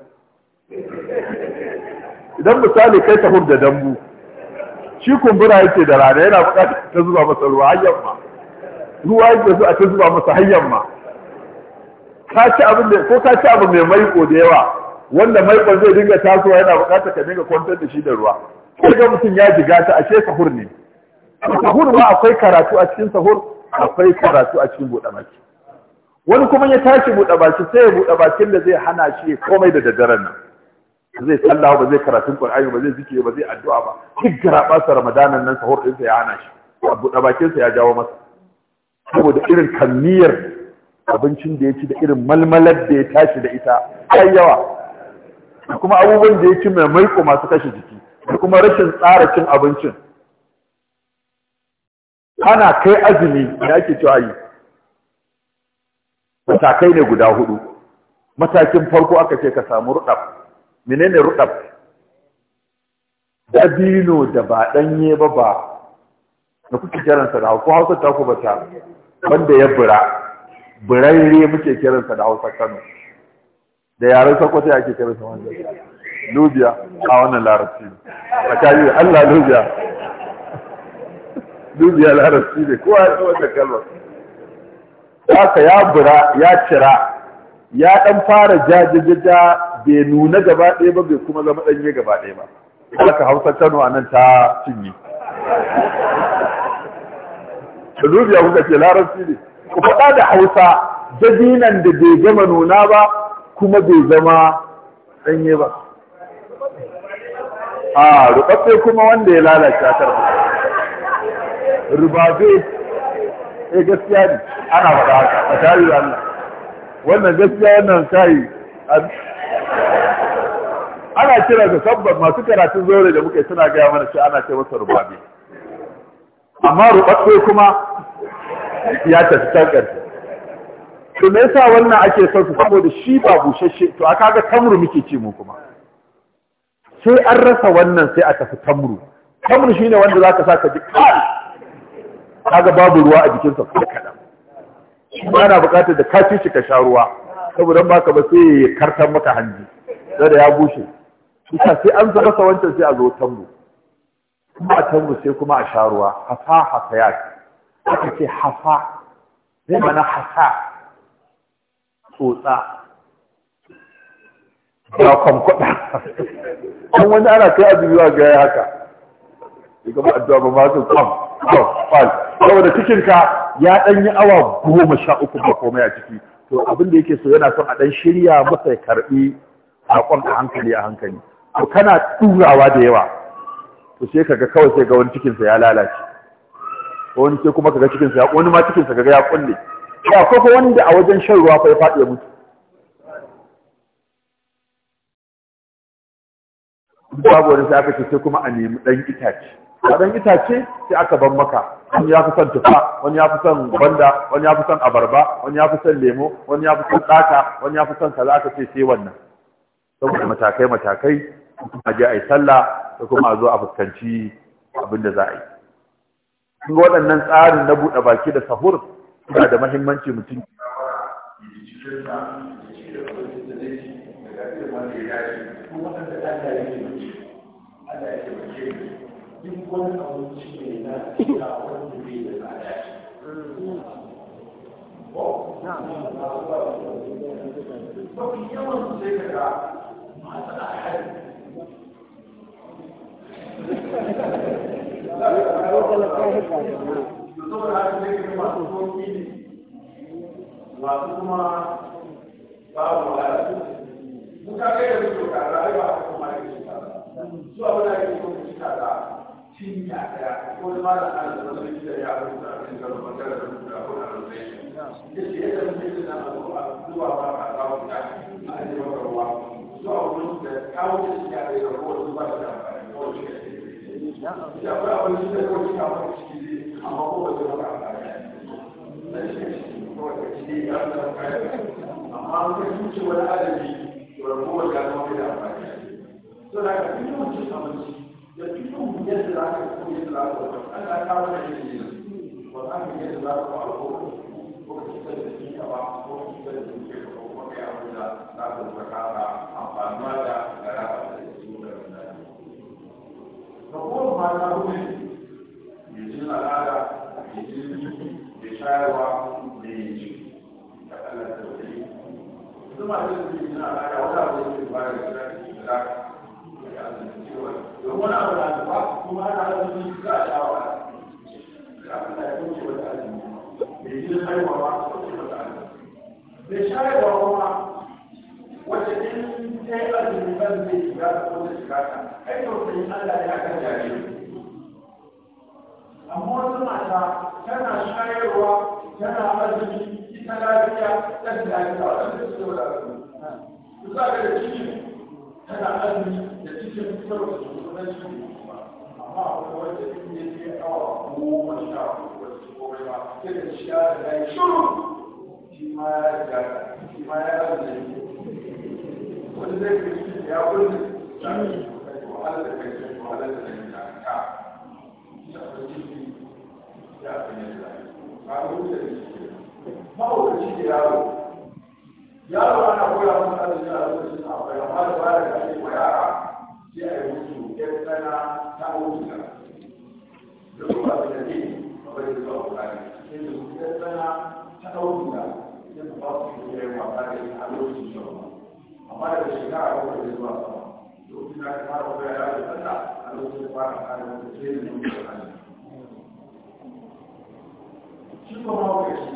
Idan misali kai sahur da dambu shi kumbura yake da rana yana buƙatar ta zuba masa ruwa hayan ma. ruwa yake so a ta zuba masa hayan ma. ka ci abin da ko ka ci abu mai maiko da yawa wanda ko zai dinga tasowa yana buƙatar ka dinga kwantar da shi da ruwa ko ga mutum ya jiga ta ashe sahur ne sahur ma akwai karatu a cikin sahur akwai karatu a cikin buɗe baki wani kuma ya tashi bude baki sai ya buɗe bakin da zai hana shi komai da daddaren nan zai sallah ba zai karatun qur'ani ba zai zikiri ba zai addu'a ba duk garaba sa ramadanan nan sahur din sa ya hana shi abu da bakin sa ya jawo masa saboda irin kamiyar abincin da ya ci da irin malmalar da ya tashi da ita kai yawa da kuma abubuwan da ya ci mai maiko masu kashe jiki da kuma rashin tsara cin abincin ana kai azumi da ake cewa yi matakai ne guda hudu matakin farko aka ce ka samu rudaf menene rudab dabino da ba danye ba ba da kuke kiransa da hausa hausa ta ku ba ta wanda ya bura burarre muke kiransa da hausa kano da yaren sakwata ake kiran kiransa wanda lubiya a wannan larabci tsakani da allah lubiya lubiya larabci ne kowa ya tsawo da Ya haka ya bura ya cira ya dan fara jajajaja bai nuna gaba ɗaya ba bai kuma zama ɗanye gaba ɗaya ba haka hausa kano a nan ta cinye da dubiya kuka ce larabci ne ku faɗa da hausa dabinan da bai gama nuna ba kuma bai zama ɗanye ba a rubabbe kuma wanda ya lalace a karfi rubabe ya eh, gaskiya ne ana faɗa haka a tarihi Allah wannan gaskiya wannan kai ana kira da sabbar masu karatun zaure da muke suna gaya mana shi ana ce masa rubabi amma rubatse kuma ya tafi can to me yasa wannan ake son su saboda shi ba bushashe to aka ga tamru muke ci mu kuma sai an rasa wannan sai a tafi tamru tamru shine wanda zaka sa ka ji kai kaga babu ruwa a jikinsa ko kadan ba na bukatar da ka ci shi ka sha ruwa saboda ba ka ba sai ya kartar maka hanji da ya bushe kusa sai an zama sa wancan sai a zo tambu kuma a tambu sai kuma a sha ruwa hafa hafa ya ce aka ce hafa zai mana hafa tsotsa ba kwamkwada an wani ana kai azumi wa ga haka ya gaba addu'a ba ma su kwam kwam kwal saboda cikinka ya ɗanyi awa goma sha uku ba komai a ciki to abin da yake so yana son a dan shirya masa ya karbi sakon a hankali a hankali to kana turawa da yawa to sai kaga kawai sai ga wani cikin sa ya lalace wani sai kuma kaga cikin sa ya wani ma cikin sa kaga ya kulle ya ko wanda a wajen shan ruwa fa ya faɗi ya mutu babu wani sai aka ce sai kuma a nemi dan itace kadan itace sai aka ban maka wani ya fi son tufa wani ya fi son banda wani ya fi son abarba wani ya fi son lemo wani ya fi son tsaka wani ya fi son kaza aka ce sai wannan saboda matakai matakai a je a yi sallah sai kuma a zo a fuskanci abin da za a yi kun ga waɗannan tsarin na buɗe baki da sahur suna da mahimmanci mutum wani abinci da tsada yawan ga masu da masu kuma babu muka kai da su kuma kuma cinya daya ko ma da kan da wani gida ya rubuta abin da ba da rubuta ko da da na zuwa ba ka kawo a maka ruwa zuwa da kawo shi ya ba da amfani ya ce ya wani shi amma amfani da shi ya amma wani adadi to rabuwa ya zama da Sau da da cikin yadda za ka ko yadda za ka wata ana kawo da yadda ne ba za ka yadda za ka fara ko ko ka shiga da shi ka ba ko ka shiga da shi ka ko kuma kai abin da za ka zuwa kara amfanuwa da garaba da shi da wanda ne. Ka kowa mata ruwa ne jin al'ada mai jin mai shayarwa mai ciki da Allah da yi Zuma da jin al'ada wata abu da ke bayar da shi da don wani abu da ba kuma ana azumi za a sha wa da da yau ce wata azumi bai ji haihuwa ba ko ce wata azumi bai shayarwa kuma wacce in ta yi azumi ban zai shiga ko ta shiga ta ai to sai Allah ya kan jariri amma wata mata tana shayarwa tana azumi ita lafiya ta lafiya wanda ta ce wata azumi. Za ka da ciki tana azumi da cikin fitar da shugaban shi amma wata wanda in ya ce awa goma sha hudu ba ba sai da shi da ya shuru shi ma ya riga shi ma ya azumi wani zai fi shi ya wuce da wahala da kai shi wahala da kai da ka ya fi ya fi ne da ka wuce da shi ma'aikaci da yaro 你要玩了，不要弄到你身上。不要玩了，不要玩了。先有主，先分啊，先弄起来。如果玩不赢，可以做回来。先主先分啊，先弄起来。先把主先玩，再给它弄起来。我玩的起干，我就是说，有比赛，他玩我，我玩他，真的，他玩我，他玩我，真的能赢他。全部都玩不起，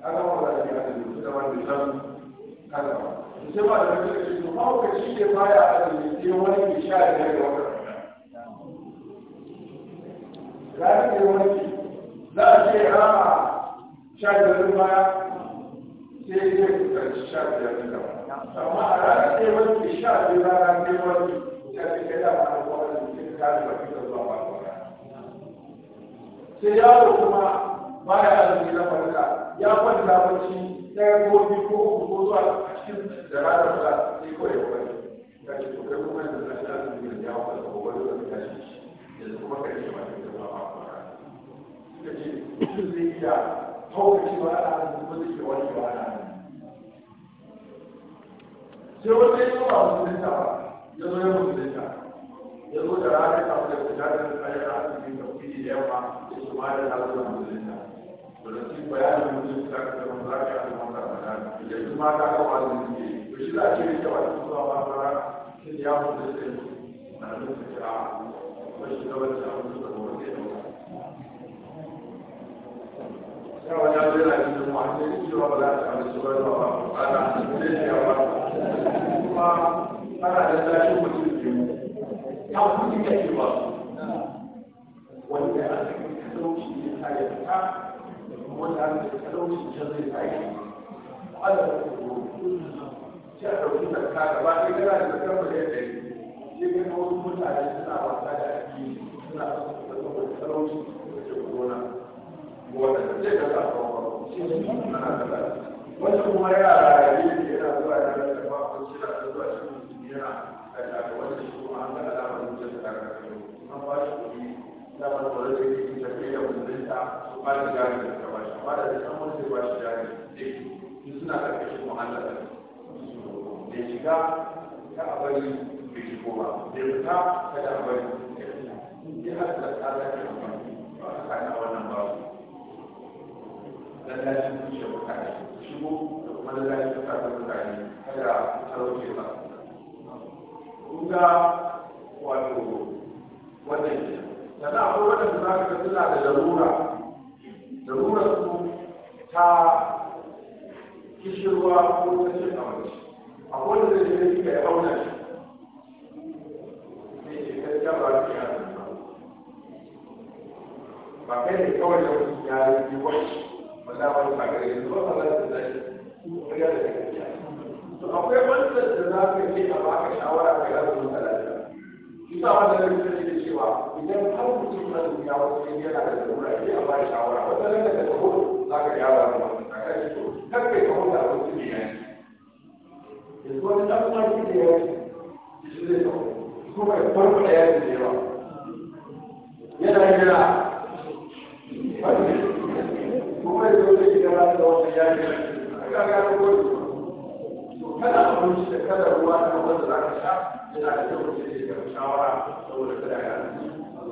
哪个玩的起来？全部都玩不起。sai ba da kake shi to ka shi ke baya azumi sai wani ke sha da ga wata ranar da wani za a ce a sha da ruwa sai ya kusanci sha da ruwa amma a ranar da wani ke sha da rana sai wani ya fi da wani ke da ba sai yaro kuma baya azumi na farka ya kwanta bacci ɗaya ko biyu ko uku a cikin da ranar da sai kawai ya wani ga shi ko kai kuma yanzu na shi azumi da da wani wani ka shi yanzu kuma kai shi ma da a kuma suka ce mutum zai iya taukaci ba ana azumi ko zai ke wani ba ana sai wani ya zuwa musulunta ba ya zo ya ya zo da ranar kafin da fita da tsayar azumi da kuɗi da yawa ya su ma da ranar musulunta 我这辛苦呀，我们这个工作压力这么大啊！也是妈干的活最累，尤其在这些地方，做老板天天要维持，难的很啊！而且这个项目是国际的，像我家这来人，黄姐，就我来讲，是那个老板，最牛了。他，他刚才在说不进去，他不进去不？嗯。我进来，这个东西他也不看。wanda an da talauci ta zai tsaye ala da kuma sai a ɗauki zakka gaba ɗaya gara da zakar da ya ɗari sai ga na mutane suna wasa da aiki suna saboda talauci da ke gona wanda zai ga zaɓa shi ne ana da Wani kuma yara ne yana zuwa yana da ba a kwanci da zuwa shi yana da daga wanda shi kuma an ga alamar mutum da daga kan an ba shi kuɗi da wani yi da ke tafiya da mutum da su ba da gari da amma da zai san wani zai ba shi jari duk suna karkashin muhallar da shiga ta bari da shigo ba da fita ta da abari da fita in har da tsada ke amfani ba a kana wannan babu lallashin zuciya mutane shigo da kuma lallashin mutane mutane kada talauce ba kun wato wannan ke sannan akwai wadanda za ka ga suna da larura da ta kishirwa ko ta cin abinci a kowane da zai rika ya auna shi ne ke gaskiya ba su yi hannun ba kai ne kawai da wani ya yi wani wani ba gare yanzu ba za su zai riga da gaskiya to akwai wanda da za ka yi a baka shawara ka yi hannun da shi. shi sa wanda da rikta ke cewa idan har mutum na duniya wasu ne yana da lalura sai a ba shawara wata nan daga taho za ka gyara mu a kan shi to kar kai ka huta a wasu ne yanki yanzu wani ɗan ƙarfi da yanki shi zai taho kuma ya farko da yanki da yawa yana yana kuma ya zo shi gara da wata yanki a gagara ko kada abinci da kada ruwa da wanda za ka sha yana da kyau mutum ya shawara saboda kada ya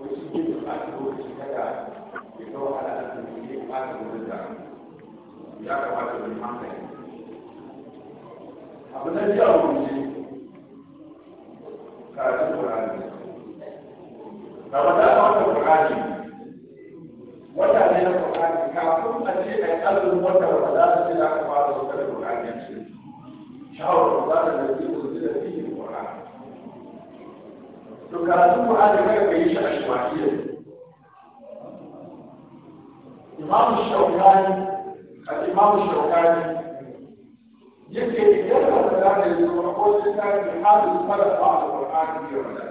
shi ke da ba ta kada ya ga wahala da su ne ba ta wurin da ya kamata mu hankali abu na biya wani karatun Qur'ani Ramadan wata Qur'ani wata ne na Qur'ani kafin a ce ai azumin wata Ramadan sai da aka fara wata Qur'ani ce shawar ta da zai zo da to karatun Qur'ani kai ka yi shi a shawahiyya Imam Shawkani al-Imam Shawkani yake yadda da da yi kuma ko sai ka yi halin farafa al-Qur'ani ne wannan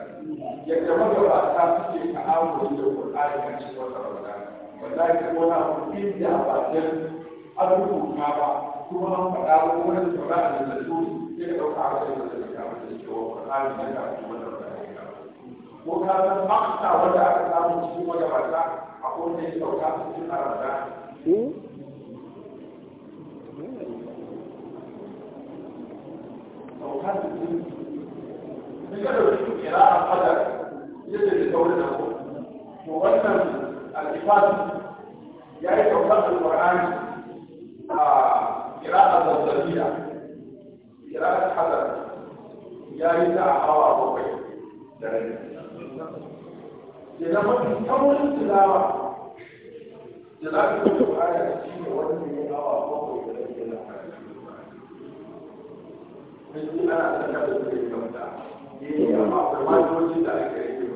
yadda magabata suke ta'amuli da Qur'ani a cikin wata Ramadan wallahi ko na mutum da ba dan an rubuta ba kuma an faɗa ko wani sauraron da su sai ka ɗauka a cikin da ka kawo da cewa Qur'ani yana cikin wata ko ka san maksa wanda aka samu cikin magabata a kowane ya sauka cikin haramta sauka cikin daga da wasu kira a fadar yadda ya saurin da ko to wannan alifatu ya yi sauka alƙur'ani a kira a zazzabiya kira a hadar ya yi ta hawa bakwai da rai ya zama kawai tilawa da za ka yi aya shi ne wanda ya awa ko ko da ke na kai ne ana sanar da zai kamta ne amma da majoji da aka yi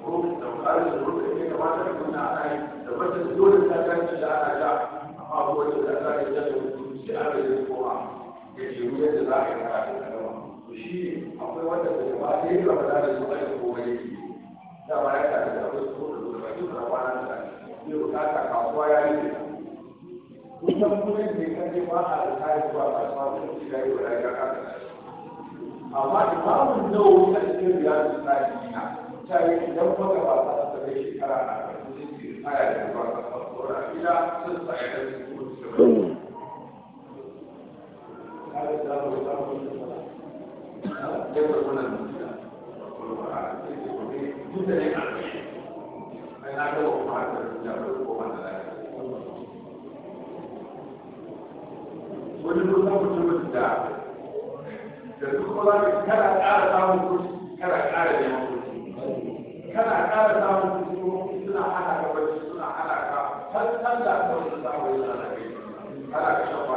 ko da ƙarin da ruka ne kamata da kuna a yi da wata dole ta kanci da ana ja amma ko da ta kanci da a ana yi kowa da ke wuyar da za a yi kara da shi akwai wanda da ba sai ba da su aiki ko da ba ya tafi da wasu hudu da wasu da kwanan da yau ta ta kasuwa ya yi kusan kuma ke kan yi ba a da kayan zuwa sun ci da yau da ya kasa amma imamun nau a cikin riyadu na ta yi idan maka ba ta tsare shekara na karfi sun ci kaya da zuwa kasuwa sun da su duk da ne a ai na ga wa ba ta da ko wanda da wani lokaci mutum da da duk kuma kana ƙara samun kuɗi kana ƙara neman ƙara samun kuɗi suna hana ka suna hana ka har san da ka wani kai hana ka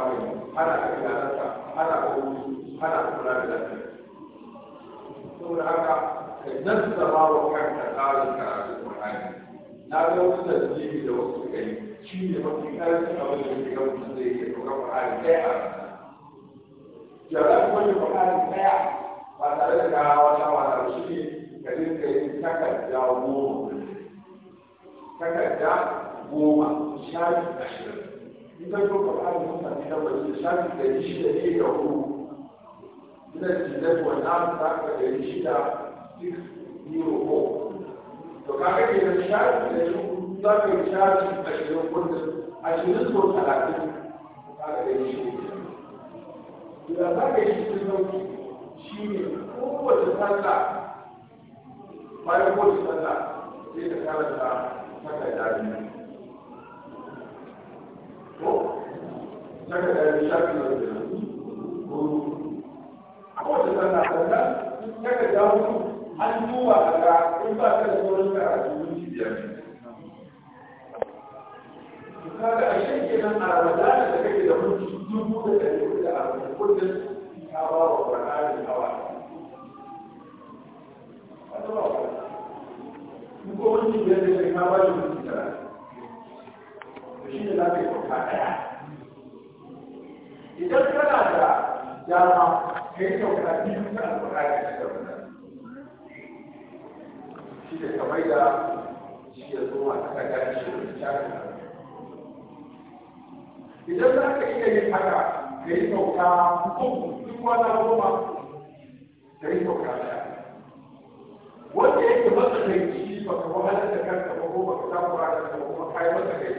hana ka gidanarka ka wuce ka kula da lafiya saboda haka ka nassaba wa kanka tsarin karatu Qur'ani na ga wasu tasiri da wasu suka shi ne mafi ƙarfin abin da ke ga mutum zai iya ɗaukar Qur'ani ɗaya a ya za ku wani Qur'ani ɗaya ba tare da ka wata wata shi ne ka dinga yin takarda goma takarda goma shafi ashirin in ka zo Qur'ani mutane da wajen shafi ɗari shida ne da hudu ina cikin wannan za ka ɗari shida 604 to kaga ke da shafi da shi za ka yi shafi a shirin kundin a shirin so talatin kaga da shi da za ka yi shi sauki shi ne kowace sallah bayan kowace sallah sai ka karanta maka jari ko saka jari shafi da ko a kowace sallah sallah saka jari an duba kaga in ba ka da cikin karatu minti biyar ne kaga a shan nan a ramadana da kake da minti dubu da ɗari da arba'in kullum ka ba wa ƙwararri hawa ba ba in ko minti biyar da kai ka ba shi minti tara da shi ne za ka yi kwata ɗaya idan kana da dama yi kyauta biyu ta a ta kyauta shi da kamar da shi ya zo a taka da shi da shafin idan za ka iya yin haka ka yi sauka hukun duk wani goma ka yi sauka da wanda yake masa kai shi ba ka wahalar da kanka ba ko ba ka samu ba ka kuma kai masa kai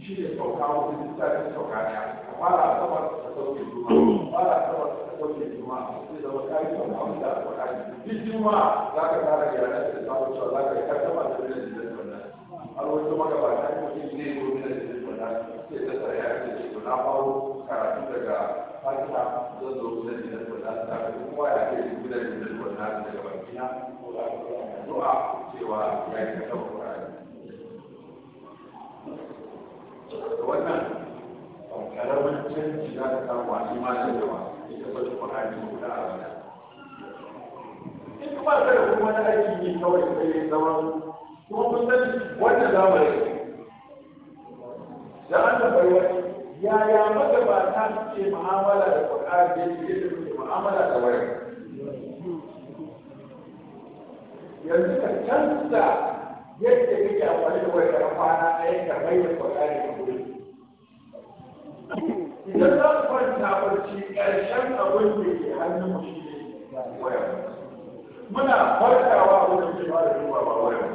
shi ne sauka wani lissafin sauka da amma da asabar ka sauke juma'a amma da asabar ka sauke juma'a sai da wata yi sauka wanda a kwanayi duk juma za ka kara gyara da samun cewa za ka yi kasa ba da wani wanda a ko ne ko da wanda sai ta tsara ya ce shi na fawo karatu daga fatiha zan zo da da wanda ta ka kuma ya da wanda ko za ka zuwa cewa ya yi wannan um, karamin canji za ka samu a imanin da wa ita ba ta kwanan da a in kuma da kuma wani aiki ne kawai sai zama kuma kun sani wannan zamani da an tambayi wani yaya ba ta suke ma'amala da kuɗaɗe yadda suke mu'amala da wani yanzu ka canza yadda kake amfani da wani ɗan kwana ɗaya ka mai da kuɗaɗe idan za ku kwanta barci ƙarshen abin da ke hannun shi ne wayar muna farkawa a wajen cewa da ruwa ba wayar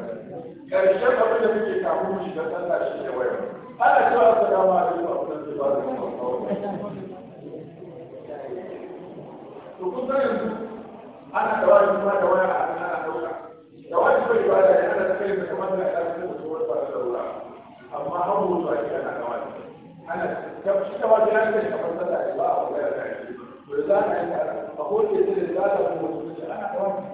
karshen abin da muke samu shi da sallah shi da wayar ana cewa assalamu alaikum a wajen cewa da ruwa ba to kun san yanzu ana da wani kuma da waya a kan ana dauka da wani bai ba da yana da kai da kamar da ya da su ba, da ruwa amma an mutu a cikin ana kawai ana shi da wani yana da kamar sallah ba a wayar da shi to da za a yi ta a kowace da za a mutu ana kawai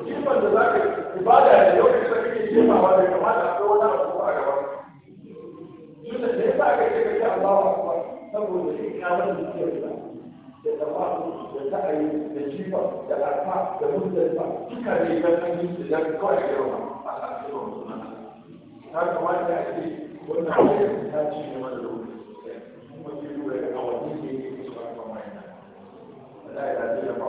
hikimar da za ka ibada da lokacin da kake jemawa da kamata akwai wani abu a gaba tunda da ya sa ka ce ka ce Allahu saboda shi kamar da ke da tafa da ta'ayi da jifa da alfa da musulma duka ne ga an yi su da kawai da yawa a cikin wannan ta kamata a ce wannan ta ce ne wanda la ne ba da ya yi amma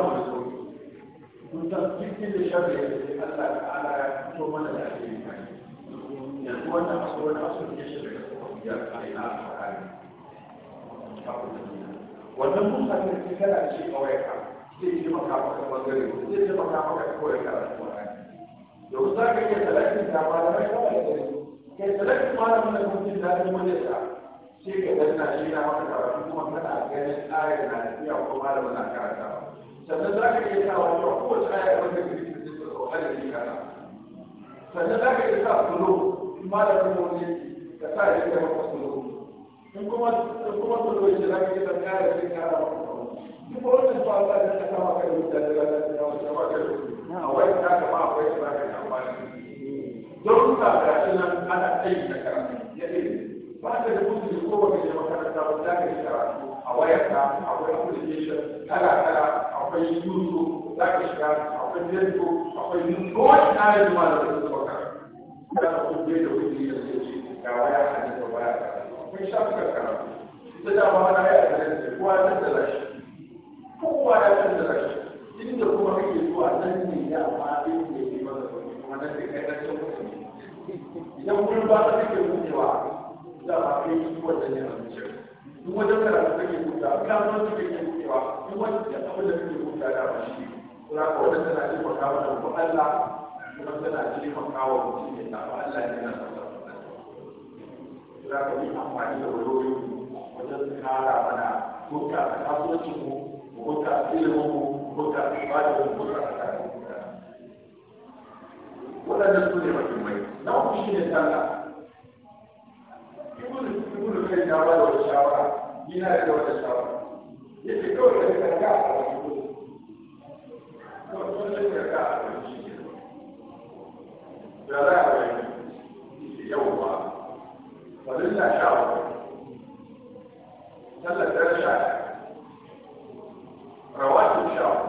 wani sauki kun cikin da sharri da Allah ta'ala ya fito mana da ake yi yanzu wannan akwai wani association da kuma biyar a ina a tsakani wannan musa ne sai kana ce a wayarka zai taimaka maka bangare zai taimaka maka kawai karatu a yau za ka iya talatin da malamai kawai da kai tsarar malamin da mutum da ya wani ta, sai ka danna shi na maka karatu kuma kana ganin ayar na tafiya ko malamin na karanta sannan za ka iya sa wani kowace ayar wanda ka rike da su ko shi kana sannan za ka iya sa kulo malamin wani ka sa shi da maka kulo in kuma in kuma kulo shi za ka iya sa kare shi kana duk wannan ba za ka kama kai mutane da za ka kama kai a wani ta kama akwai da za ka kama shi don ka gashi nan ana tsayi da karatu ya ce ba ka da mutu da kowane ya makaranta ba za ka yi karatu a ka akwai application kala kala akwai youtube za ka shiga akwai facebook akwai nun kowace tsarin zuwa da zai zuwa ka za ka kuma da wuri da zai ce ga waya a ne da waya akwai shafukan karatu ita da ma wani ya da zai kowa ya tattala shi kowa ya tattala shi inda kuma kake zuwa nan ne ya ma ɗin ne wannan da kai kace mutum idan kun ba ka kake wucewa za a kai shi wannan ya amince duk wajen karatu kake wuta kasuwanci kake wucewa duk wani abin da kake wuta da ba shi kuma ka wannan tana taimaka wa ko Allah kuma tana taimaka wa mutum ya tafi Allah ya yana sauka za ka yi amfani da wayoyi wajen kara mana ko ka kasuwancin mu ko ka ilimin mu ko ka ibadar mu ko ka waɗannan su ne mahimmai na uku shi ne sallah ibn ibn kai ya ba da wata shawara ni na da wata shawara ya ce kawai da ga a wani gudu kawai sun da karka a wani shi ne da za a wani yau ba farin na shawara sallar da shawara rawatun shawara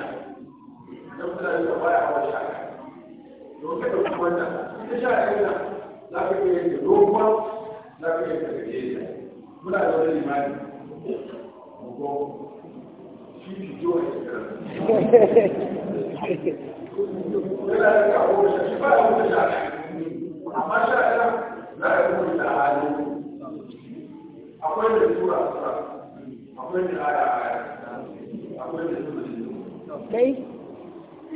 idan kuna yi gaba ya wannan ita za ka iya yin za ka iya muna da wani limani ko shi yana da kawo shi ba amma za ka yi akwai da tura akwai da ara akwai da tura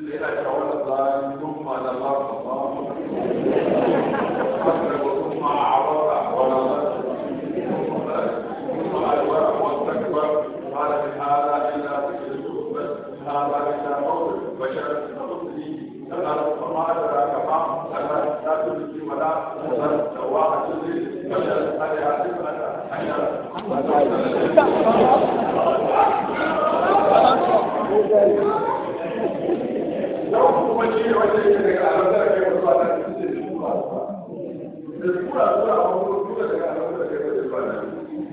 tunda yana kawo da zai duk ma ba ba da kura kura a wani kura daga alamu da kai da zuwa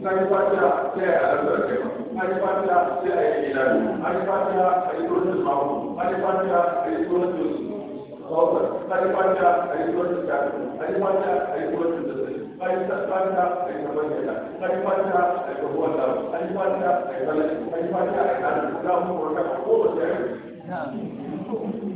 na yi fatiya sai a yi alamu da kai an yi fatiya sai a yi ilalu da yi fatiya a yi turin mahu an yi fatiya a yi turin turin da an yi fatiya a yi turin tafi an yi fatiya a yi turin da an yi fatiya a yi tabar gida an yi fatiya a yi tabuwa da an yi fatiya a yi talar an yi fatiya a yi talar da mu kurka a kowace yau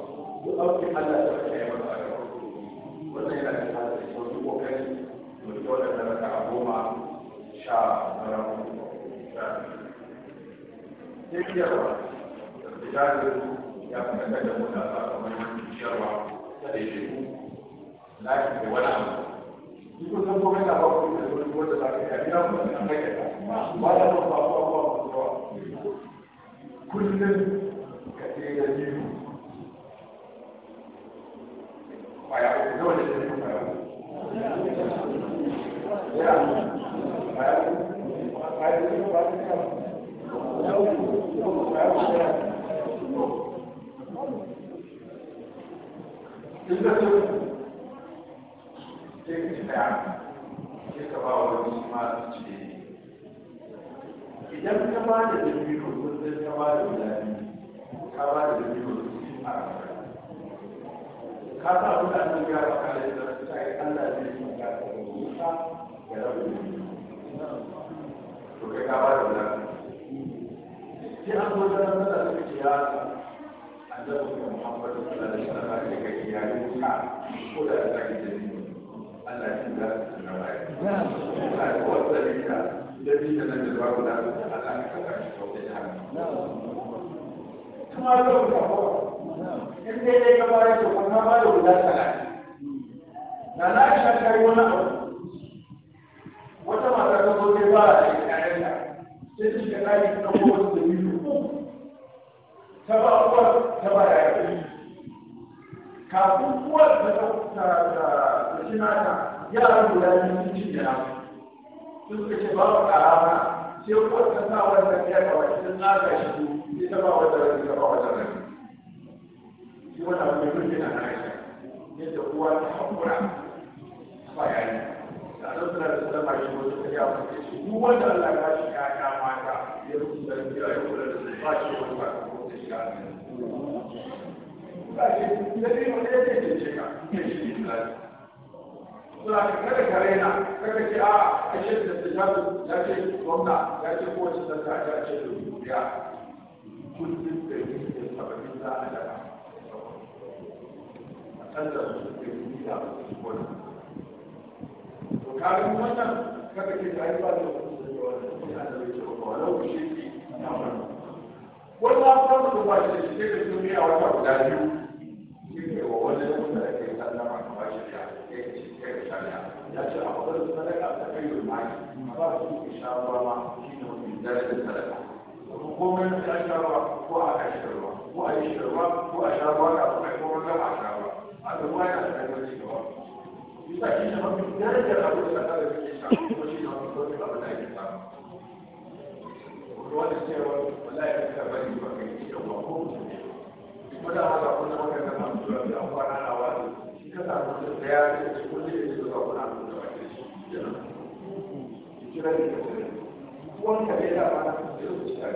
duk aukin Allah da wata ya yana da hadari wani kokari mutum waɗanda da jarin ya ta wani duk kuma sai daya sai ka ba wani shi ma su ci ne idan ka ba da dabino ko sai ka ba da gudani ka ba da dabino ko a ka sa mutanen ya ba ka da yadda su sai Allah zai yi ka da musa ya rabu da to kai ka ba da gudani sai an zo da nan da suke yara annabi Muhammad sallallahu alaihi wasallam daga iyalin ka ko da ta ji dani Allah ya da na bai Allah ya wasa lika da bi da nan da babu da Allah ya kafa shi ko da haka kuma da ku ko in dai dai ka bare to kuma ba da wuta sala na na shi kai wani abu wata mata ta zo ta ba da ƴaƴanta sai ta shiga ɗaki ta kowace da ta ba uwar ta ba ya yi kafin uwar ta ta ta shi nata yaran guda biyu sun ya sun suka ce ba wa karama sai uwar ta sa wannan ya ga wata sun tsaga shi sai ta ba wata rai ta ba wata rai shi wannan wani mulki na na nashi yadda uwar ta haƙura ba ya yi da suna da sallama shi wasu ta yawa ta ce duk wanda Allah ya shi ya mata ya rubuta da ya kula da su ba shi wani ba suna kada ka raina kada ce a a ce da tijjaru gwamna ya ce ta ce da da da daga a canza su wannan kada ke ta yi ba da wasu da yawa da duniya da bai ba shi na wannan ko ta san mutum ba shi da shi da duniya wata guda biyu shi ne wa wani mutum da ke sallama ka ba shi ya ce kai da shari'a ya ce a wadda su sadaka ta kai yi mani ba su ke sha ruwa ma shi ne wani darajar sadaka ko mai ta sha ruwa ko a ka sha ruwa ko a yi sha ruwa ko a sha ruwa ka kuma ko wani gama sha ruwa a duk wani a sha ci gaba bisa shi ne mafi darajar abin da ta da suke sha ko shi ne mafi darajar abin da ake wanda cewa wallahi ya ta bari ba kai yi yawa ko kuma da haka kun maka da masu da amfana na wani shi ka sa da ya ce kun da shi da kuna da wani shi kira ne kun ka da ya ba da shi da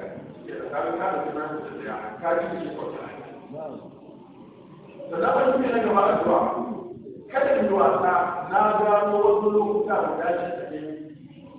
ka ka da kuma da ya ka ji shi ko ta da zaman shi ne ga ma'azuwa kada in wasa na gano wasu lokuta da shi da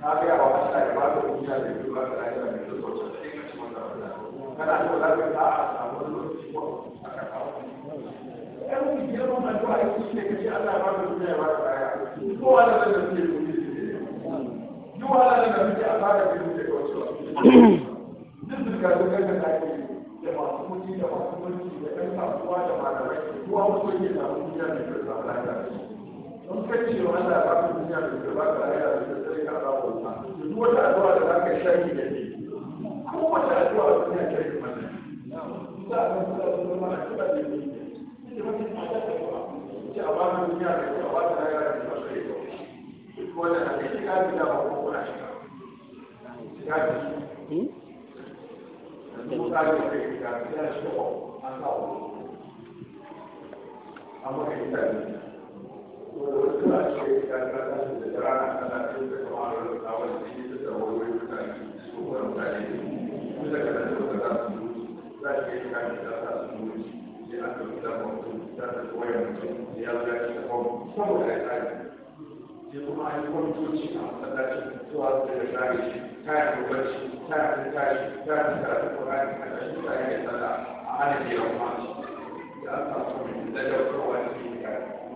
na ga yawa wasu da ba da duniya da biyu ba da lafiya mai kyau sau can sai kaci wanda ba da kana da ka ta a samu lokaci ko a ka kawo ɗan kungiyar ko a yi kusa ka ce Allah ba da duniya ba da baya kowa da da suke duniya su ne duk wala da a fara da duniya ko su duk duka duka da ta yi da masu kuɗi da masu mulki da ɗan kasuwa da malamai kowa mutum ke samu in ka ce wa ba duniya da ke ba ka da ke sai ka ba ta duk wata addu'a da shaki da ke ko wata addu'a da za a ga da kuma da ke ne ba ta da ce a ba ka duniya da ke ba da ke sai ka ka bi da ba kuna shi ka ka ka ka ka sai kuma an yi kwamitoci a masallacin su da ya da shi kayan rubarci kayan tashi kayan tashi kurani a cikin su da a hannun yawan mace da aka samu da yau kawai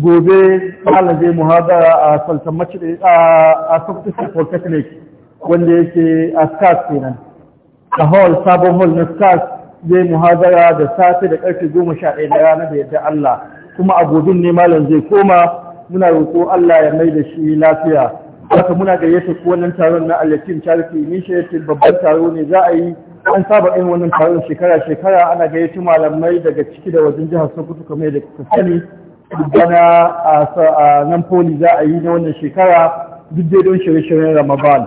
gobe malam zai muhazara a sultan mace a polytechnic wanda yake a stars kenan a hall sabon hall na stars zai muhazara da safe da karfe goma sha ɗaya na rana da yadda Allah kuma a gobin ne malam zai koma muna roƙo Allah ya mai da shi lafiya haka muna gayyata ko wannan taron na Al-Yatim Charity Initiative babban taro ne za a yi an saba irin wannan taron shekara shekara ana gayyaci malamai daga ciki da wajen jihar Sokoto kamar yadda kuka sani bana a nan poli za a yi na wannan shekara duk dai don shirye-shiryen ramadan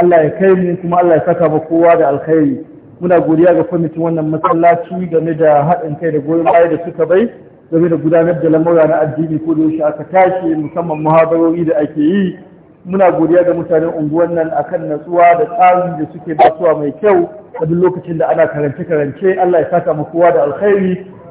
Allah ya kai mu kuma Allah ya saka ba kowa da alkhairi muna godiya ga kwamitin wannan masallaci game da haɗin kai da goyon baya da suka bai game da gudanar da lamura na addini ko da shi aka tashi musamman muhabarori da ake yi muna godiya ga mutanen unguwar nan akan natsuwa da tsari da suke basuwa mai kyau a duk lokacin da ana karance-karance Allah ya saka mu kowa da alkhairi